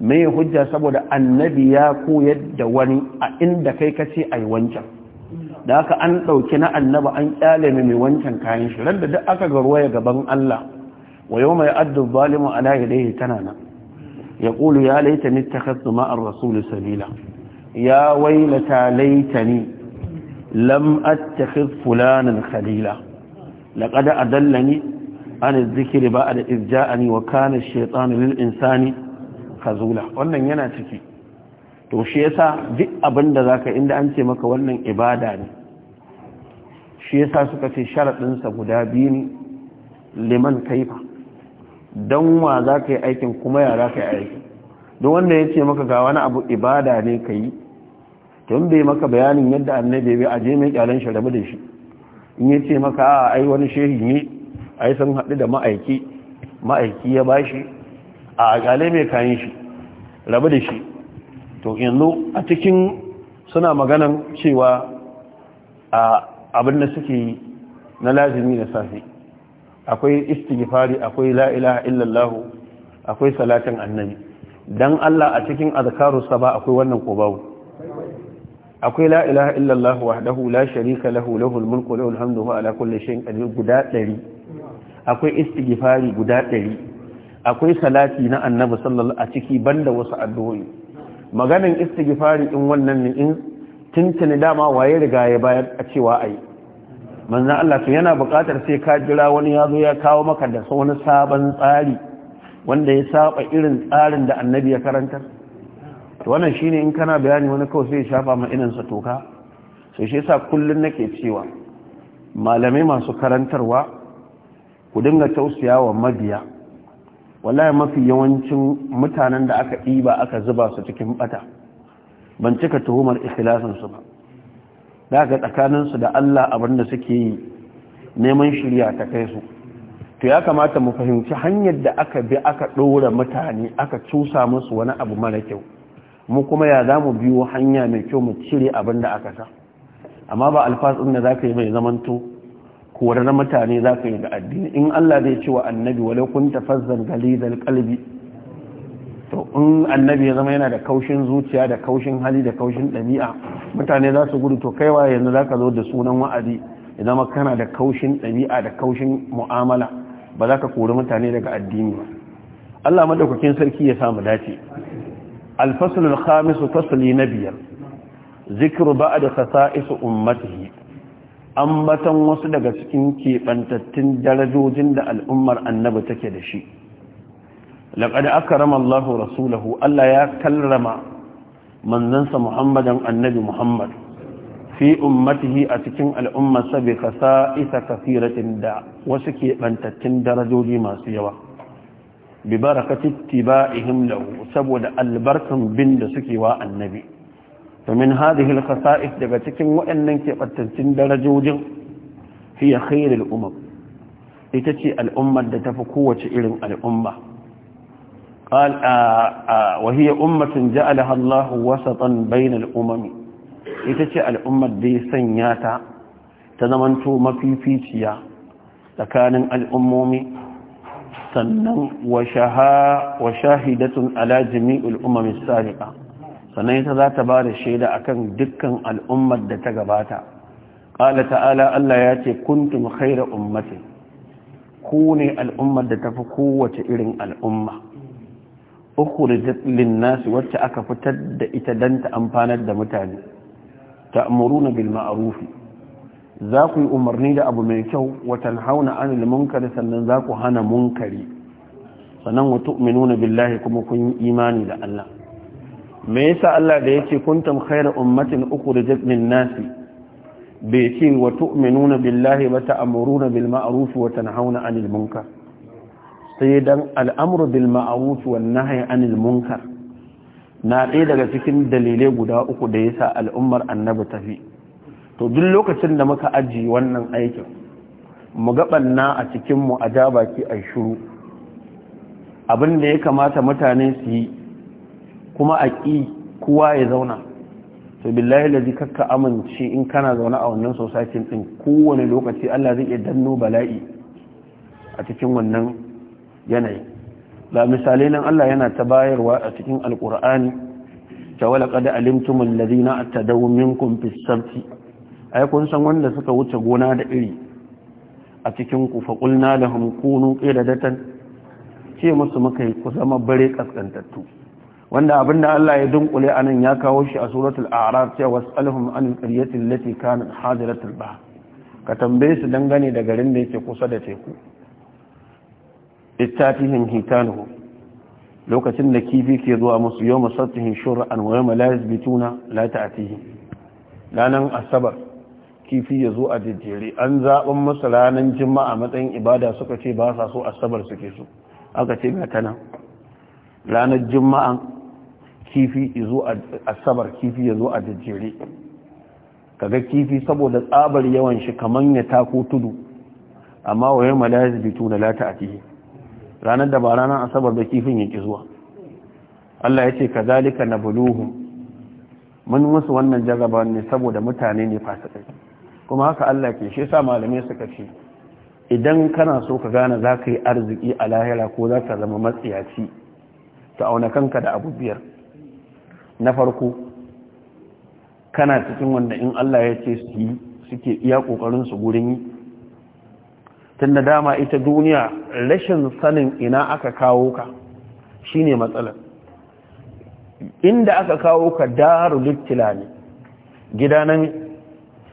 mai hujja saboda annabi ya koyar da wani a inda kai kace yi wancan da aka an ɗauki na annaba an kyale mai wancan kayan shi ran da duk aka garwaya gaban Allah wa yau mai addu zalimu ala yadayhi tana nan ya ƙulu ya laita ni ta kasu ma'ar rasulu sabila ya wailata laita ni lam attakhidh fulanan khalila laqad adallani an adh-dhikri ba'da idh ja'ani wa kana ash-shaytanu lil insani khazula wannan yana ciki to shi yasa duk abinda zaka inda an ce maka wannan ibada ne shi yasa suka ce sharadin sa guda biyu ne liman kaifa dan wa zaka yi aikin kuma ya zaka yi aikin Don wanda ya ce maka ga wani abu ibada ne ka yi tun bai maka bayanin yadda annabi bai aje mai kyalan shi rabu da shi in ya ce maka a ai wani shehi ne ai sun haɗu da ma'aiki ma'aiki ya ba shi. a kyale mai kayan shi rabu da shi to yanzu a cikin suna maganan cewa a abin da suke yi na lazimi da safe. akwai istighfari akwai la ilaha illallah akwai salatin annabi dan Allah a cikin azkarus ba akwai wannan kobawo akwai la ilaha illallah wahdahu la sharika lahu lahul mulku wa lahul hamdu ala kulli shay'in qadir guda 100 akwai istighfari guda 100 akwai salati na annabi sallallahu a ciki banda wasu addu'o'i maganan istighfari din wannan ne in tuntuni dama waye riga ya bayar a cewa ai manzo Allah to yana buƙatar sai ka jira wani ya zo ya kawo maka da wani sabon tsari wanda ya saba irin tsarin da annabi ya karantar to wannan shine in kana bayani wani kawai sai ya shafa ma sa toka sai shi yasa kullun nake cewa malamai masu karantarwa ku dinga tausayawa mabiya wallahi mafi yawancin mutanen da aka ɗiba aka zuba su cikin bata ban cika tuhumar ikhlasinsu ba daga ga su da Allah abinda suke yi neman shirya ta kai su to ya kamata mu fahimci hanyar da aka bi aka ɗora mutane aka cusa musu wani abu mara kyau mu kuma ya za mu biyo hanya mai kyau mu cire abin da aka sa amma ba alfasun da za ka yi mai zamanto kore na mutane za ka yi da addini in allah zai ce wa annabi wale kun tafazzan gali da kalbi to in annabi ya zama yana da kaushin zuciya da kaushin hali da kaushin ɗabi'a mutane za su gudu to kaiwa yanzu za ka zo da sunan wa'azi ya zama kana da kaushin ɗabi'a da kaushin mu'amala ba za ka kori mutane daga addini ba allah madaukakin sarki ya samu dace الفصل الخامس فصل نبيا ذكر بعد خصائص أمته أمة وصدق سكنكي فانتتن درجوجن دا الأمر النبي تكدشي لقد أكرم الله رسوله ألا يكرم من ننسى محمدا النبي محمد في أمته أتكن الأمة بخصائص كثيرة دا وسكي فانتتن درجوجي ما سيوه bi barakati ittiba'ihim lahu saboda albarkan bin da suke wa annabi to min hadhihi daga cikin waɗannan keɓantattun darajojin hiya khairul umam ita ce al'ummar da tafi kowace irin al'umma قال وهي أمة جعلها الله وسطا بين الأمم إتشاء الأمة دي سنياتا تنمنتو مفيفيتيا لكان الأمومي sannan wa shahidatun ala jami'ul umami sariqa sannan ita za ta ba da shaida kan dukkan al'ummar da ta gabata ƙala ta'ala Allah ya ce kuntum khaira ummatin ku ne al'ummar da tafi kowace irin al'umma ukhrijat lin nasi wacce aka fitar da ita dan ta amfanar da mutane ta'muruna bil ma'ruf za ku yi umarni da abu mai kyau watan hauna an munkari sannan za ku hana munkari sannan wa nuna billahi kuma kun yi imani da Allah me yasa Allah da yake kuntum khayra ummatin ukhrijat min nasi bai ce wa tu'minuna billahi wa ta'muruna bil ma'ruf wa tanhauna 'anil munkar sai dan al'amru bil ma'ruf wan nahyi 'anil munkar na ɗaya daga cikin dalilai guda uku da yasa al'ummar annabi tafi to duk lokacin da muka ajiye wannan aikin mu gabanna a cikinmu a ja baki a shuru abin da ya kamata mutane su yi kuma a ƙi kowa ya zauna to billahi lazi kakka amince in kana zaune a wannan society din kowane lokaci Allah zai iya danno bala'i a cikin wannan yanayi ba misalai nan Allah yana ta bayarwa a cikin alkur'ani ta wala qad alimtum alladhina atadaw minkum fis-sabti ai kun san wanda suka wuce gona da iri a cikin ku fa qulna lahum kunu qiradatan ce musu muka yi ku zama bare kaskantattu wanda abinda Allah ya dunkule anan ya kawo shi a suratul a'raf cewa was'alhum an qaryati allati kanat hadiratul bah ka tambaye su dangane da garin da yake kusa da teku ittatihin hitanuhu lokacin da kifi ke zuwa musu yawma sattihin shura'an wa yawma la yasbituna la ta'atihim ranar asabar kifi ya zo a jejjere an zaɓin masa ranar jima'a matsayin ibada suka ce ba sa so asabar suke so aka ce ga tana ranar jima'a kifi ya asabar kifi ya zo a jejjere kaga kifi saboda tsabar yawan shi kamar ya tako tudu amma waye malayaz bitu na lata atihi ranar da ba ranar asabar da kifin yake zuwa Allah ya ce kazalika buluhu. mun musu wannan jarraba ne saboda mutane ne fasikai kuma haka Allah ke shi sa malamai suka ce idan kana so ka gane za ka yi arziki a lahira ko za ka zama matsiyaci ta auna kanka da abu biyar na farko kana cikin wanda in Allah ya ce su yi suke iya kokarin su gurin yi tun da dama ita duniya rashin sanin ina aka kawo ka shine matsalar inda aka kawo ka daru littila ne gida ne.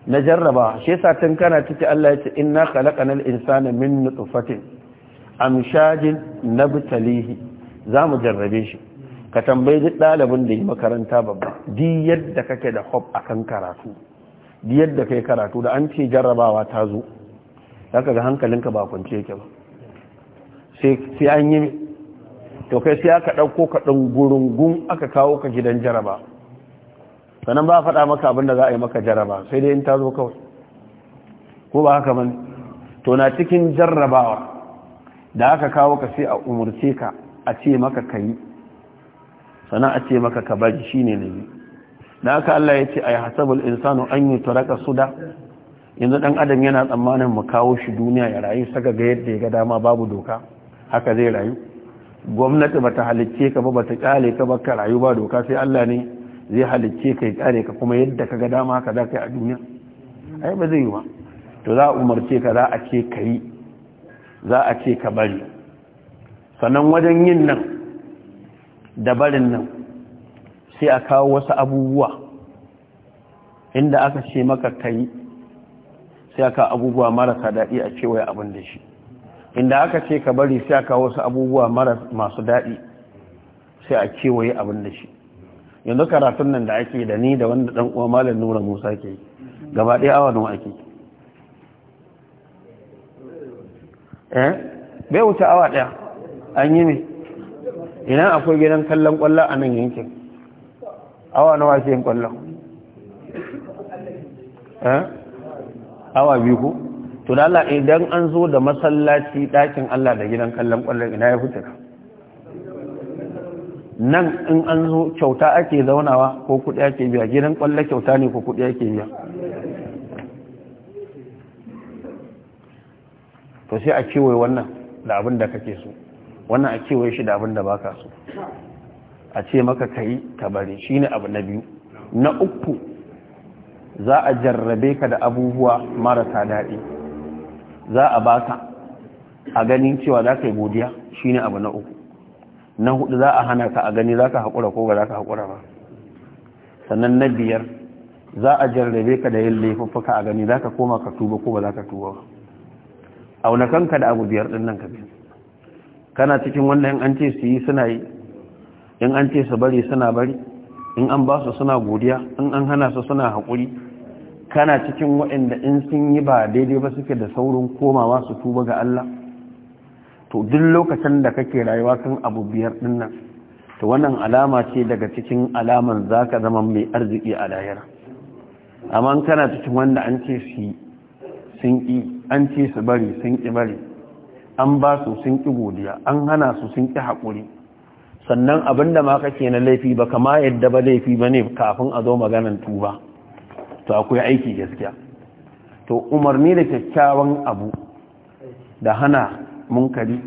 na jarraba shi yasa tun kana ciki Allah ya ce inna khalaqanal insana min nutfatin amshajin nabtalihi zamu jarrabe shi ka tambayi duk ɗalibin da yi makaranta babba di yadda kake da hop akan karatu di yadda kai karatu da an ce jarrabawa ta zo zaka ga hankalinka ba kwance yake ba sai an yi to kai sai aka ɗauko ka dan gurungun aka kawo ka gidan jaraba sannan ba a faɗa maka abin da za a yi maka jaraba sai dai in ta zo kawai ko ba haka mani to na cikin jarrabawa da aka kawo ka sai a umurce ka a ce maka ka yi sannan a ce maka ka bari shi ne nabi da aka Allah ya ce a yi hasabul insano an yi turaka suda yanzu ɗan adam yana tsammanin mu kawo shi duniya ya rayu saka ga yadda ya ga dama babu doka haka zai rayu gwamnati ba ta halicce ka ba ba ta kyale ka ba ka rayu ba doka sai Allah ne zai halicce ka yi kare ka kuma yadda ka ga dama ka za ka yi a duniya ai ba zai yi ba to za a umarce ka za a ce ka yi za a ce ka bari sannan wajen yin nan da barin nan sai a kawo wasu abubuwa inda aka ce maka ka yi sai aka abubuwa marasa daɗi a cewa ya abin da shi inda aka ce ka bari sai aka wasu abubuwa masu daɗi sai a ya abin da shi yanzu karatun nan da ake da ni da wanda dan uwa malam nura musa ke gaba ɗaya awa nawa ake eh bai wuce awa ɗaya an yi ne idan akwai gidan kallon kwallon a nan yankin awa nawa ke yin kwallon eh awa biyu ko to da Allah idan an zo da masallaci ɗakin Allah da gidan kallon kwallon ina ya fita nan in an zo kyauta ake zaunawa ko kudi ake biya gidan kwallo kyauta ne ko kuɗi ake biya to sai a kewaye wannan da abin da kake so wannan a kewaye shi da abin da baka so a ce maka kai ka bari shine abu na biyu na uku za a jarrabe ka da abubuwa marasa daɗi za a baka a ganin cewa za ka yi godiya shine abu na uku na hudu za a hana ka a gani za ka haƙura ko ba za ka haƙura ba sannan na biyar za a jarrabe ka da yin laifuffuka a gani za ka koma ka tuba ko ba za ka tuba ba auna kanka da abu biyar ɗin nan ka biyu kana cikin wannan in an ce su yi suna yi in an ce su bari suna bari in an ba su suna godiya in an hana su suna haƙuri kana cikin waɗanda in sun yi ba daidai ba suke da saurin komawa su tuba ga Allah to duk lokacin da kake rayuwa kan abu biyar din to wannan alama ce daga cikin alaman zaka zama mai arziki a lahira amma kana cikin wanda an ce su sun ki an ce su bari sun ki bari an ba su sun ki godiya an hana su sun ki haƙuri sannan abinda ma kake na laifi ba kama yadda ba laifi ba kafin a zo maganan tuba to akwai aiki gaskiya to umarni da kyakkyawan abu da hana munkari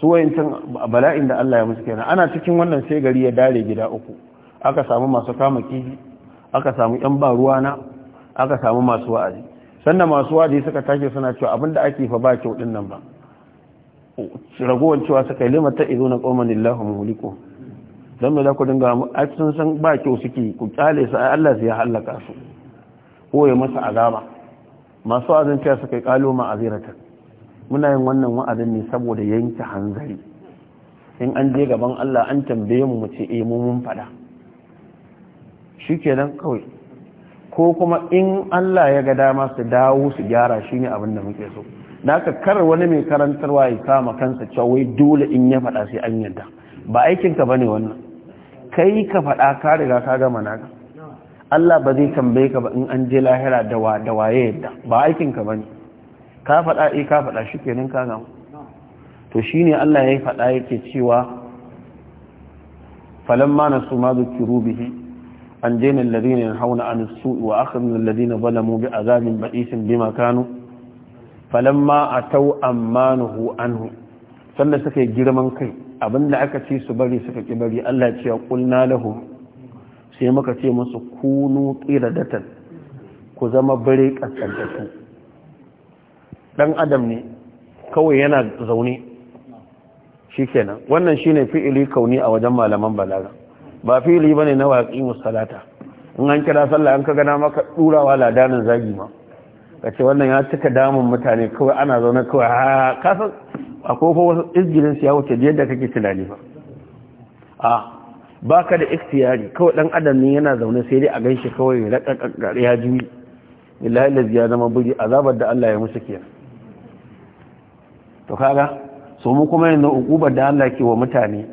su wayancin bala'in da Allah ya musu kenan ana cikin wannan sai gari ya dare gida uku aka samu masu kama kifi aka samu yan ba ruwa na aka samu masu wa'azi sannan masu wa'azi suka tashi suna cewa abinda ake fa ba kyau din nan ba ragowar cewa suka lima ta izo na ƙoman illahu muhuliku don mai ga mu a sun san ba kyau suke ku kyale su a Allah su ya hallaka su ko ya masa azaba masu wa'azin cewa suka yi kalo ma muna yin wannan wa'azin ne saboda yanke hanzari in an je gaban Allah an tambaye mu mu ce eh mu mun fada kawai ko kuma in Allah ya ga dama su dawo su gyara shine abin da muke so da aka kar wani mai karantarwa ya kama kansa cewa wai dole in ya faɗa sai an yadda ba aikinka ka bane wannan kai ka faɗa ka riga ka gama naka Allah ba zai tambaye ka ba in an je lahira da waye yadda ba aikinka ka bane ka faɗa eh ka faɗa shi kenan ka gamu to shine Allah ya faɗa yake cewa falamma suma ma zukiru bihi an daina alladhina yanhauna an su'i wa akhadna alladhina zalamu bi azabin ba'isin bima kanu falamma atau ammanuhu anhu sannan suka yi girman kai abinda aka ce su bari suka ki bari Allah ya ce qulna lahum sai muka ce musu kunu qiradatan ku zama bare kaskantattu dan adam ne kawai yana zaune kenan wannan shine fi'ili kauni a wajen malaman balaga ba fi'ili bane na waƙi musalata. in an kira sallah an kaga na maka durawa ladanin zagi ma kace wannan ya cika damun mutane kawai ana zaune kawai ha kasan akwai wasu izgirin su ya wuce yadda kake tunani ba a baka da ikhtiyari kawai dan adam ne yana zaune sai dai a ganshi kawai ya juyi illahi lazi ya zama buri azabar da Allah ya musu kenan to kaga so mu kuma yanzu ukubar da Allah ke wa mutane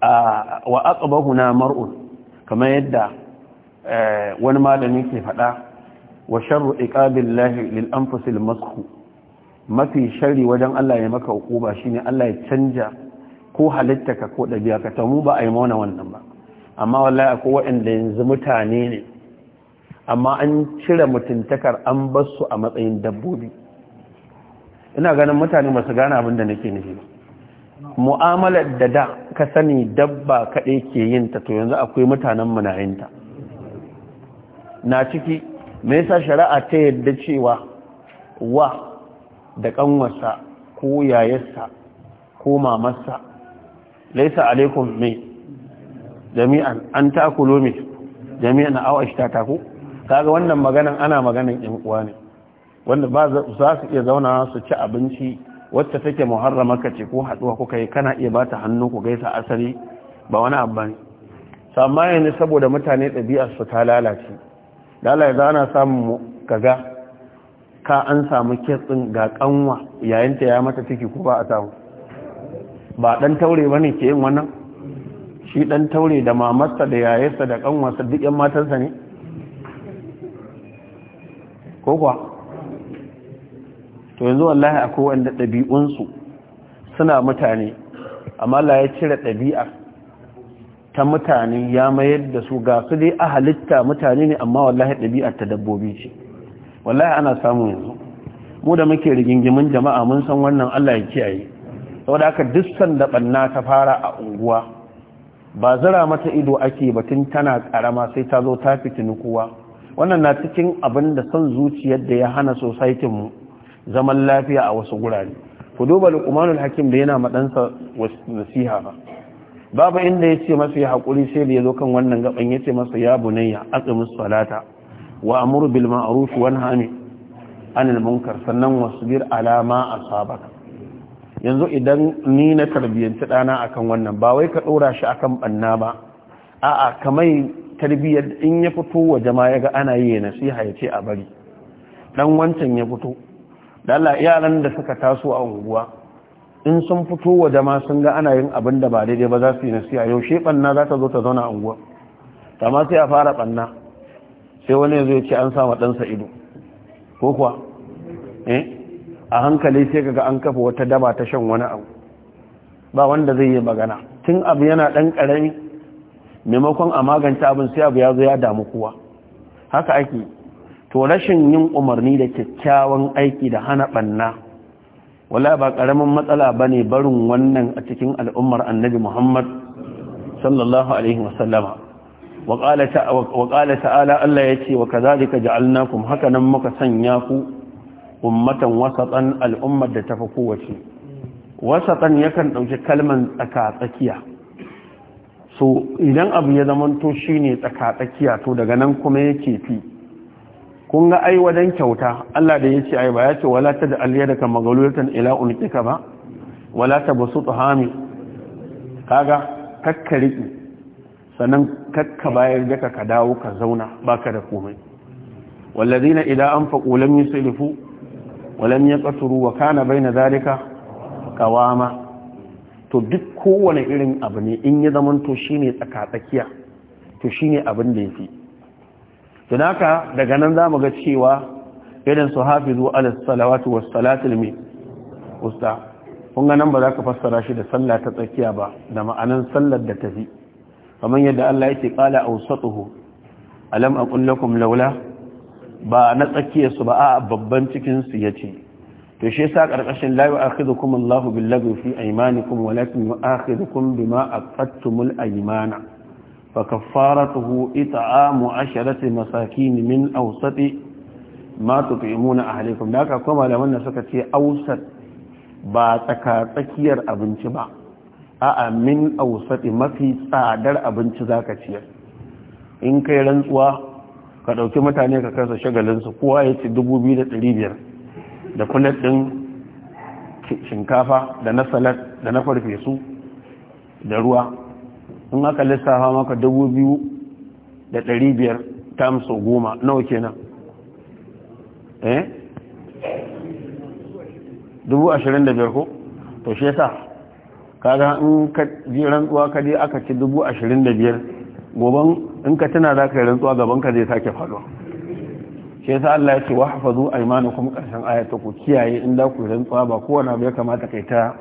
a wa na mar'un kamar yadda eh, wani malami ke faɗa wa sharru iqabillahi lil anfusil masku mafi shari wajen Allah ya maka hukuba shine Allah ya canja ko halittaka ko dabi'a ka mu ba a yi mauna wannan ba amma wallahi akwai waɗanda yanzu mutane ne amma an cire mutuntakar an bar su a matsayin dabbobi ina ganin mutane masu gane abin da nake nufi mu'amalar da da ka sani dabba kaɗai ke yin ta to yanzu akwai mutanen munayinta na ciki me yasa shari'a ta yadda cewa wa da kanwarsa ko yayarsa ko mamarsa laisa alaikum mai jami'an an takulo mai jami'an awa shi ta taku kaga wannan maganan ana maganan yan uwa ne wanda ba za su iya zauna su ci abinci wacce take muharrama ka ce ko haɗuwa kuka yi kana iya bata hannu ku gaisa asali ba wani abu ne amma yanzu saboda mutane ɗabi'ar su ta lalace lalace za ana samun kaga ka an samu kitsin ga kanwa yayin ta ya mata ciki ko ba a samu ba dan taure bane ke yin wannan shi dan taure da mamarsa da yayarsa da kanwarsa duk yan matarsa ne ko kuwa to yanzu wallahi akwai wanda ɗabi'unsu suna mutane amma Allah ya cire ɗabi'a ta mutane ya mayar da su ga su dai a halitta mutane ne amma wallahi ɗabi'ar ta dabbobi ce wallahi ana samu yanzu mu da muke rigingimin jama'a mun san wannan Allah ya kiyaye saboda haka duk sanda banna ta fara a unguwa ba zira mata ido ake batun tana karama sai ta zo ta fitini kowa wannan na cikin abin da son zuciyar da ya hana society mu zaman lafiya a wasu gurare ku duba luqmanul hakim da yana madansa nasiha ba babu inda yace masa ya hakuri sai da yazo kan wannan gaban yace masa ya bunayya aqimus salata wa amur bil ma'ruf wa nahy anil munkar sannan wasbir ala ma asabaka yanzu idan ni na tarbiyyanci dana akan wannan ba wai ka dora shi akan banna ba a'a kamar tarbiyyar in ya fito wa jama'a ya ga ana yi nasiha yace a bari dan wancan ya fito dala yaran da suka taso a unguwa in sun fito wa jama'a sun ga ana yin abin da ba daidai ba za su yi nasiya yau she banna za ta zo ta zauna a unguwa ma sai a fara banna sai wani zai ce an sama ɗansa ido ko kuwa eh a hankali sai kaga an kafa wata daba ta shan wani abu ba wanda zai yi magana tun abu yana ɗan ƙarami maimakon a magance abin sai abu ya zo ya damu kowa haka ake to rashin yin umarni da kyakkyawan aiki da hana banna wala ba karamin matsala bane barin wannan a cikin al'ummar annabi Muhammad sallallahu alaihi wasallama wa qala ta'ala Allah yace wa kadhalika ja'alnakum hakanan muka sanya ku ummatan wasatan al'ummar da tafi kowace wasatan yakan dauki kalman tsaka so idan abu ya zamanto shine tsaka tsakiya to daga nan kuma yake fi kun ga ai wajen kyauta Allah da ya ce ai ba ya ce wala ta da ka magalulatan ila ulqika ba wala ta basutu hami kaga kakkariki sannan kakka bayar daka ka dawo ka zauna baka da komai والذين إذا أنفقوا لم يسرفوا ولم يقتروا وكان بين ذلك قواما to duk kowane irin abu ne in ya zamanto shine tsakiya to shine abin da yafi Tunaka, daga nan za mu ga cewa irin su hafizu ala salawatu was salatul mi usta kun nan ba za ka fassara shi da sallah ta tsakiya ba da ma'anan sallar da tafi kamar yadda Allah yake qala awsatuhu alam a lakum laula ba na tsakiyar su ba a babban cikin su yace to shi yasa karkashin la yu'akhidukum Allahu bil lagwi fi kuma, walakin yu'akhidukum bima a aymana فكفارته إطعام عشرة مساكين من أوسط ما تطعمون أهلكم لك كما لمن سكت أوسط Ba tsakatsakiyar abinci ba. a'a min ausati mafi tsadar abinci zaka ciyar in kai rantsuwa ka ɗauki mutane ka kasa shagalinsu. kowa ya ci 2500 da kulat ɗin shinkafa da na salat da na farfesu da ruwa in aka lissafa maka dubu biyu da ɗari biyar tamso goma nawa kenan eh dubu ashirin da biyar ko to shi yasa kaga in ka ji rantsuwa ka dai aka ci dubu ashirin da biyar goban in ka tana za ka yi rantsuwa gaban ka zai sake faɗo shi yasa Allah ya ce wa hafazu aymanakum karshen ayata ku kiyaye in da ku rantsuwa ba kowane abu ya kamata kai ta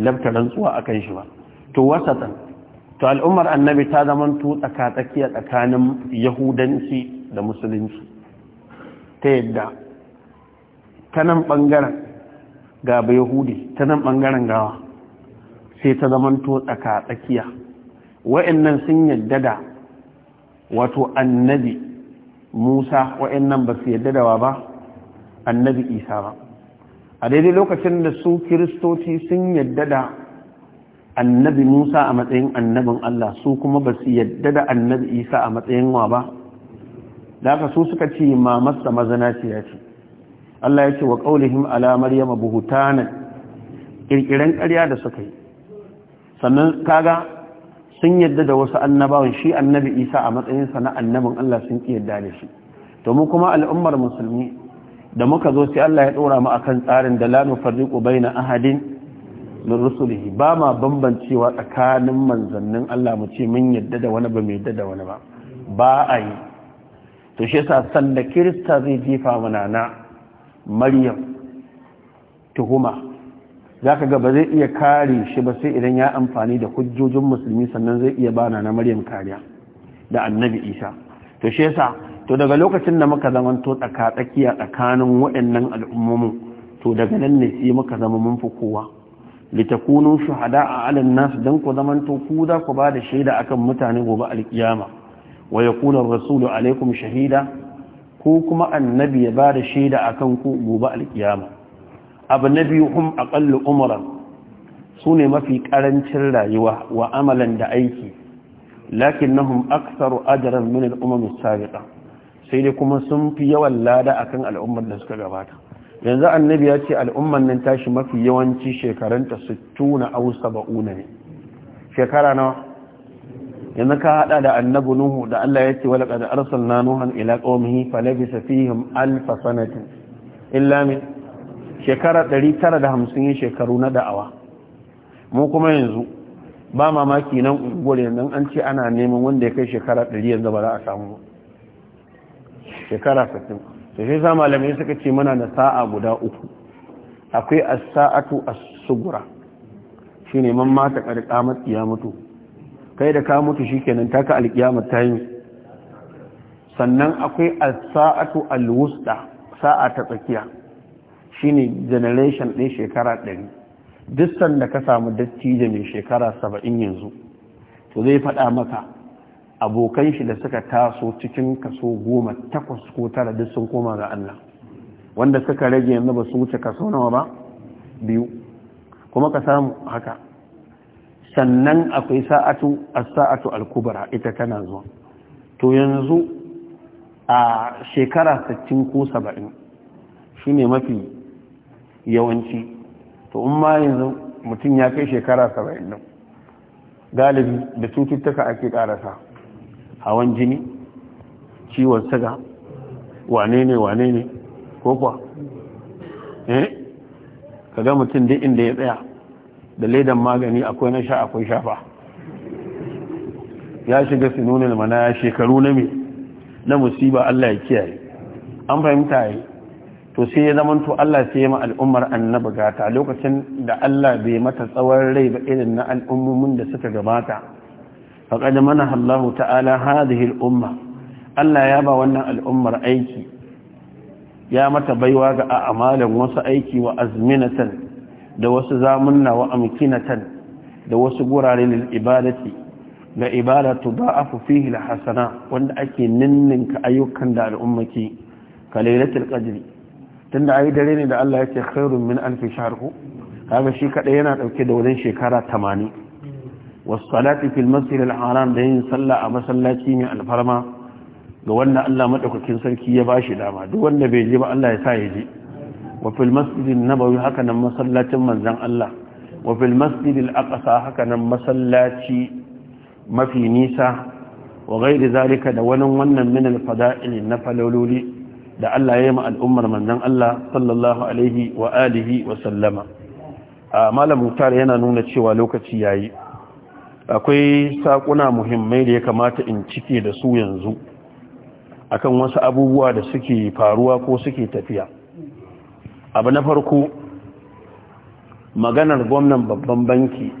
labta rantsuwa akan shi ba to wasatan to al'ummar annabi ta zaman tu tsakiya tsakanin yahudanci da musulunci ta yadda ta nan ɓangaren gaba yahudi ta nan ɓangaren gawa sai ta zaman tu tsakatsakiya wa'annan sun yadda da wato annabi musa wa'annan ba su yadda dawa ba annabi isa ba a daidai lokacin da su kiristoci sun yadda da annabi Musa a matsayin annabin Allah su kuma ba su yadda da annabi Isa a matsayin wa ba da haka su suka ce mamarsa mazanaciya ce Allah ya ce wa qaulihim alamar yama buhutanan kirkiran ƙarya da suka yi sannan kaga sun yadda da wasu annabawan shi annabi Isa a matsayin sa na annabin Allah sun ki yadda da shi to mu kuma al'ummar musulmi da muka zo sai Allah ya dora mu akan tsarin da la bai baina ahadin min rusulihi ba ma bambancewa tsakanin manzannin Allah mu ce mun yadda da wani ba mu yadda da wani ba ba a yi to shi yasa sanda kirista zai jefa mana na maryam tuhuma za ka ga ba zai iya kare shi ba sai idan ya amfani da hujjojin musulmi sannan zai iya bana na maryam kariya da annabi isa to shi yasa to daga lokacin da muka zama to tsaka tsakiya tsakanin waɗannan al'ummomin to daga nan ne sai muka zama mun fi kowa litakunu shuhada a an nasu dan ku zamanto ku za ku bada shaida akan mutane gobe alkiyama wa yakuna rasulu alaikum shahida ko kuma annabi ya bada shaida akan ku gobe alkiyama abu nabiyuhum aqallu umran sune mafi karancin rayuwa wa amalan da aiki lakinnahum aktharu ajran min al-umam as-sabiqa sai dai kuma sun fi yawan lada akan al'ummar da suka gabata yanzu annabi ya ce al'umman nan tashi mafi yawanci shekarunta 60 au 70 ne shekara nawa yanzu ka hada da annabi nuhu da Allah ya ce walaqad arsalna nuhan ila qaumihi falabisa fihim alf sanatin illa min shekara 950 yin shekaru na da'awa mu kuma yanzu ba mamaki nan unguwar nan an ce ana neman wanda ya kai shekara 100 yanzu ba za a samu shekara 60 da shi sa malamai suka ce mana da sa'a guda uku akwai a saatu a sugura Shi ne man mata ƙamar kiyamatu kai da ka mutu kenan taka alƙiyamar ta yi sannan akwai a saatu a wusta sa'a ta tsakiya Shi ne generation ɗin shekara ɗari duk sanda ka samu dattijo mai shekara saba'in yanzu to zai faɗa maka abokan shi da suka taso cikin kaso goma takwas ko tara duk sun koma ga Allah wanda suka rage yanzu ba su wuce kaso nawa ba biyu kuma ka samu haka sannan akwai sa'atu as-sa'atu al ita tana zuwa to yanzu a shekara 60 ko 70 shine mafi yawanci to in ma yanzu mutum ya kai shekara 70 galibi da cututtuka ake karasa hawan jini ciwon siga wane ne wane ne ko kuwa eh kaga mutum duk inda ya tsaya da ledan magani akwai na sha akwai shafa ya shiga sinunin mana ya shekaru na me na musiba Allah ya kiyaye an fahimta yi to sai ya zama to Allah sai ya ma al'ummar annaba gata lokacin da Allah bai mata tsawon rai ba irin na al'ummomin da suka gabata faƙad mana Allah ta'ala hadihil umma Allah ya ba wannan al'ummar aiki ya mata baiwa ga a'amalan wasu aiki wa azminatan da wasu zamunna wa amkinatan da wasu gurare lil ga ibadatu ba'afu fi al-hasana wanda ake ninninka ayyukan da al'ummaki kalailatul qadri tunda ayi dare ne da Allah ce khairun min alf shahar ku. kaga shi kaɗai yana ɗauke da wajen shekara 80 Wasu fil masjid al-haram da yin sallah a masallaci mai alfarma ga wanda Allah madaukakin sarki ya bashi dama duk wanda bai je ba Allah ya sa ya je wa fil masjid an-nabawi haka nan masallacin manzon Allah wa fil masjid al-aqsa haka nan masallaci mafi nisa wa ghairi zalika da wani wannan min al-fada'il na falololi da Allah ya yi ma al'ummar manzon Allah sallallahu alaihi wa alihi wa sallama a malam mutar yana nuna cewa lokaci yayi akwai sakuna muhimmai da ya kamata in cike da su yanzu akan wasu abubuwa da suke faruwa ko suke tafiya abu na farko maganar gwamnan babban banki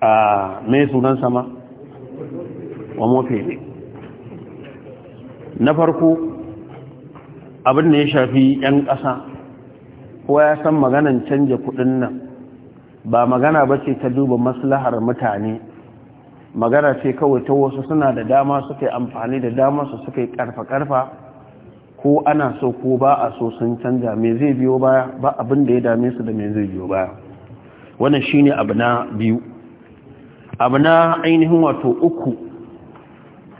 a mai sunan sama wa mafi na farko abin da ya shafi 'yan ƙasa kowa ya san maganan canza kudin nan ba magana ba ce ta duba maslahar mutane magana ce kawai ta wasu suna da dama suke amfani da dama su suke karfa-karfa ko ana so ko ba a so sun canja me zai biyo baya ba abin da ya dame su da me zai biyo baya wannan shine abu na biyu abu na ainihin wato uku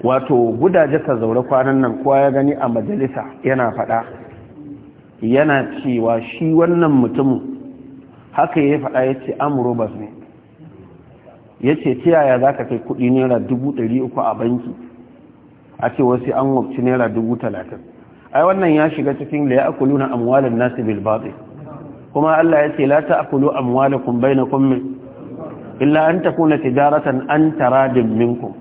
wato gudaje ka zaure kwanan nan kowa ya gani a majalisa yana faɗa yana cewa shi wannan mutumin haka ya faɗa ya ce amurobas ne ya ce ta yaya za ka kai kuɗi naira dubu ɗari uku a banki a ce wasu an wabci naira dubu talatin ai wannan ya shiga cikin da ya akulu na amwalin nasu kuma allah ya ce la ta akulu amwalakun bai na kun illa an ta kuna tijaratan an taradin minkum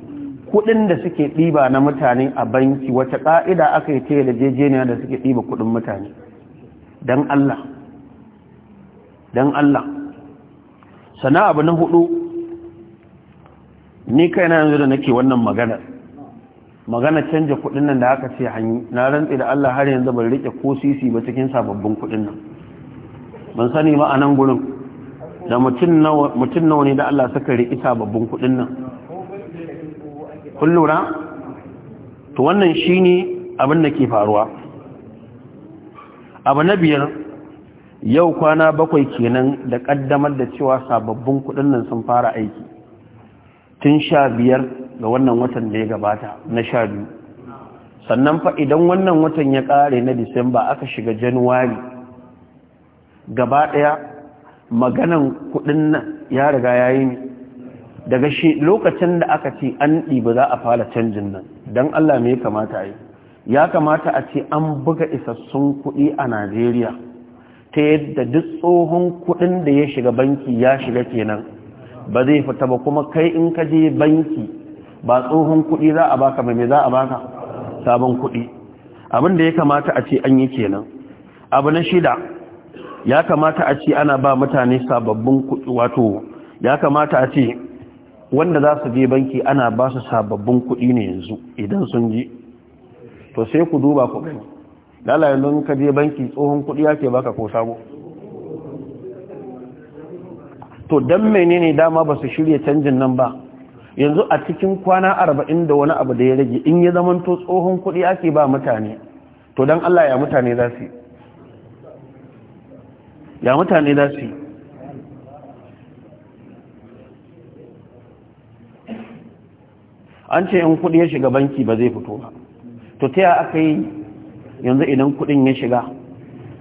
kuɗin da suke ɗiba na mutane a banki wata ƙa'ida aka yi ta yarjejeniya da suke ɗiba kuɗin mutane don allah Dan Allah sana abu na hudu ni kai na yanzu da nake wannan magana magana canja kudin nan da aka ce hanyi na rantsi da Allah har yanzu ban rike ko sisi ba cikin sababbin kudin nan ban sani ba a nan gurin da mutum nawa ne da Allah suka rike sababbin kudin nan kullura to wannan shine abin da ke faruwa abu na biyar yau kwana bakwai kenan da ƙaddamar da cewa sababbin kuɗin nan sun fara aiki tun sha biyar ga wannan watan da ya gabata na sha biyu sannan fa idan wannan watan ya ƙare na disamba aka shiga januwari gaba ɗaya maganan kuɗin nan ya riga ya yi daga shi lokacin da aka ce an ɗiba za a fara canjin nan don allah me ya kamata a yi ya kamata a ce an buga isassun kuɗi a najeriya ta yadda duk tsohon kuɗin da ya shiga banki ya shiga kenan ba zai fita ba kuma kai in ka je banki ba tsohon kuɗi za a baka ba za a baka sabon kuɗi abin da ya kamata a ce an yi kenan abu na shida ya kamata a ce ana ba mutane sababbin kuɗi wato ya kamata a ce wanda za su je banki ana ba su sababbin kuɗi ne yanzu idan sun ji to sai ku duba ku gani lala yanzu ka je banki tsohon kuɗi yake baka ko sabo to dan menene dama ba su shirya canjin nan ba yanzu a cikin kwana arba'in da wani abu da ya rage in ya zama to tsohon kuɗi ake ba mutane to dan Allah ya mutane za su ya mutane za su an ce in kuɗi ya shiga banki ba zai fito ba to ta aka yi yanzu idan kudin ya shiga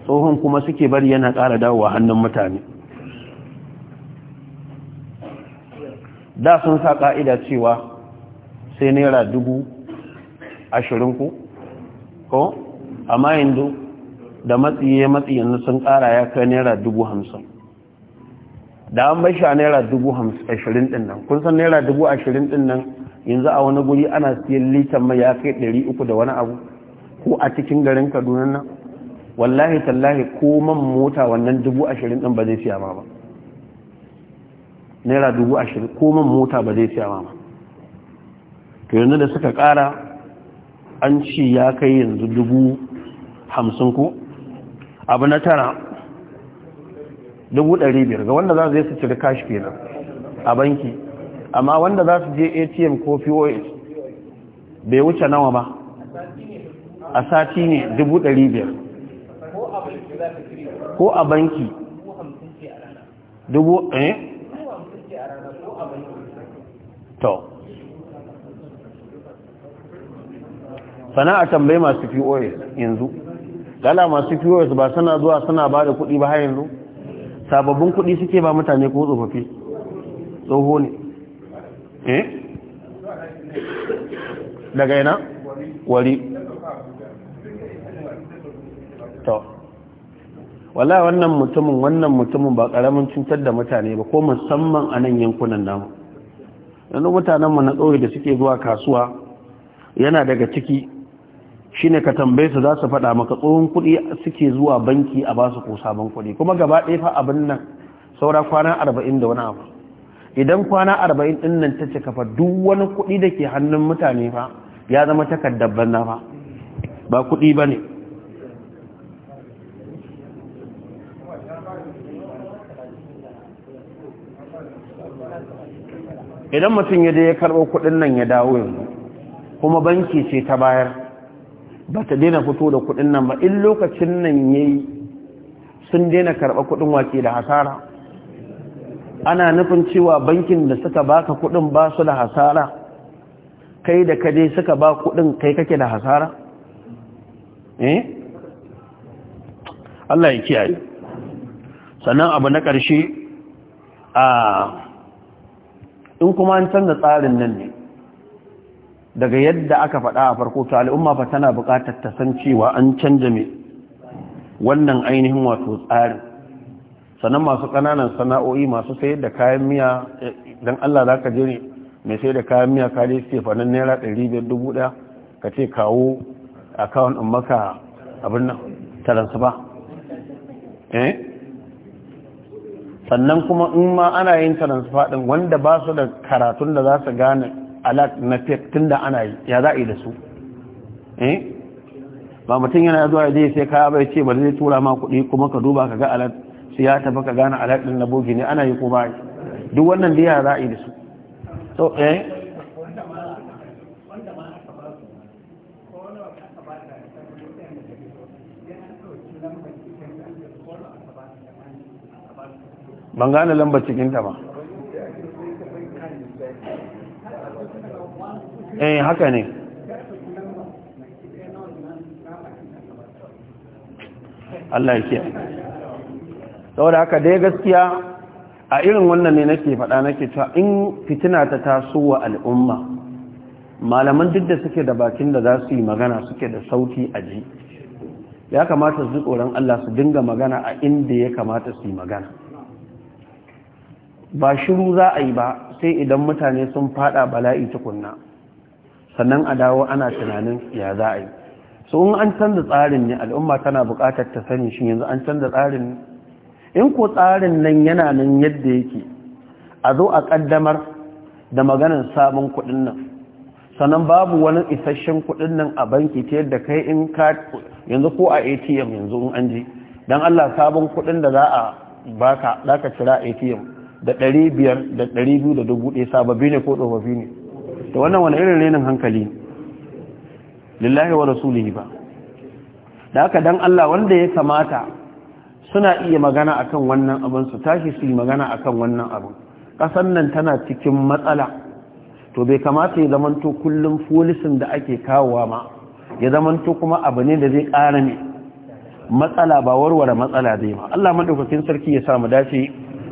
tsohon kuma suke bari yana ƙara dawowa hannun mutane da sun sa ƙa'ida cewa sai naira dubu ashirin ku ko mayan du da matsiye ya matsi yanzu sun ƙara ya kai naira dubu hamsin da an bai a naira dubu ashirin ɗin nan kun san naira dubu ashirin ɗin nan yanzu a wani guri ana siyan litan mai ya kai ɗari uku da wani abu ko a cikin garin kaduna nan wallahi tallahi ko man mota wannan dubu ashirin ɗin ba zai siya ma ba naira dubu ashirin ko man mota ba zai siya ma ba to yanzu da suka ƙara an ci ya kai yanzu dubu hamsin ko abu na tara dubu ɗari biyar ga wanda za su je su cire kashi kenan a banki amma wanda za su je atm ko pos bai wuce nawa ba a sati ne dubu ɗari biyar ko a banki dubu eh to sana'a tambayi masu pos yanzu gala masu pos ba suna zuwa suna ba da kuɗi ba yanzu sababbin kuɗi suke ba mutane ko tsofaffi tsoho ne eh daga yana wari to wallahi wannan mutumin wannan mutumin ba karamin cutar da mutane ba ko musamman a nan yankunan namu yanzu mutanen mu na ƙauye da suke zuwa kasuwa yana daga ciki shine ka tambaye su za su faɗa maka tsohon kuɗi suke zuwa banki a ba su ko sabon kuɗi kuma gaba ɗaya fa abin nan saura kwana arba'in da wani abu idan kwana arba'in ɗin nan ta cika fa duk wani kuɗi da ke hannun mutane fa ya zama takardar banna fa ba kuɗi ba ne idan mutum ya je ya karɓo kuɗin nan ya dawo yanzu kuma banki ce ta bayar ba ta daina fito da kuɗin nan ba in lokacin nan ya yi sun daina karɓa kuɗin wake da hasara ana nufin cewa bankin da suka baka kuɗin ba su da hasara kai da kaje suka ba kuɗin kai kake da hasara eh Allah ya kiyaye sannan abu na ƙarshe a in kuma an canza tsarin nan ne daga yadda aka faɗa a farko ta al'umma fa tana buƙatar ta san cewa an canza mai wannan ainihin wato tsarin sannan masu ƙananan sana'o'i masu sayar da kayan miya don Allah za ka je mai sayar da kayan miya ka je ce fanin naira ɗari biyar dubu ɗaya ka ce kawo akawun in maka abin nan taransu ba eh sannan kuma in ma ana yin transfer wanda ba su da karatun da za su gane alak na tun da ana yi ya za a yi da su eh ba mutum yana zuwa ya je sai ka bai ce ba zai tura ma kuɗi kuma ka duba ka ga alak su ya tafi ka gane alak din na bogi ne ana yi ko ba duk wannan da ya za a yi da su so eh ban gane lambar cikinta ba eh haka ne Allah ya saboda haka dai gaskiya a irin wannan ne nake faɗa nake cewa in fitina ta taso wa al'umma malaman duk da suke da bakin da za su yi magana suke da sauti a ji ya kamata su tsoron Allah su dinga magana a inda ya kamata su yi magana ba shiru za a yi ba sai idan mutane sun fada bala'i tukunna sannan a dawo ana tunanin ya za a yi so in an canza tsarin ne al'umma tana bukatar ta sani shi yanzu an canza tsarin ne. in ko tsarin nan yana nan yadda yake a zo a ƙaddamar da maganar sabon kuɗin nan sannan babu wani isasshen kuɗin nan a banki ta yadda kai in ka yanzu ko a atm yanzu in an ji don allah sabon kuɗin da za a baka za ka cira atm da ɗari biyar da ɗari biyu da dubu ɗaya sababbi ne ko tsofaffi ne da wannan wani irin renin hankali lillahi wa rasulihi ba da haka dan Allah wanda ya kamata suna iya magana akan wannan abin su tashi su yi magana akan wannan abin ƙasan nan tana cikin matsala to bai kamata ya zamanto kullum folisin da ake kawowa ma ya zamanto kuma abu ne da zai ƙara ne matsala ba warware matsala zai ma Allah maɗaukakin sarki ya sa mu dace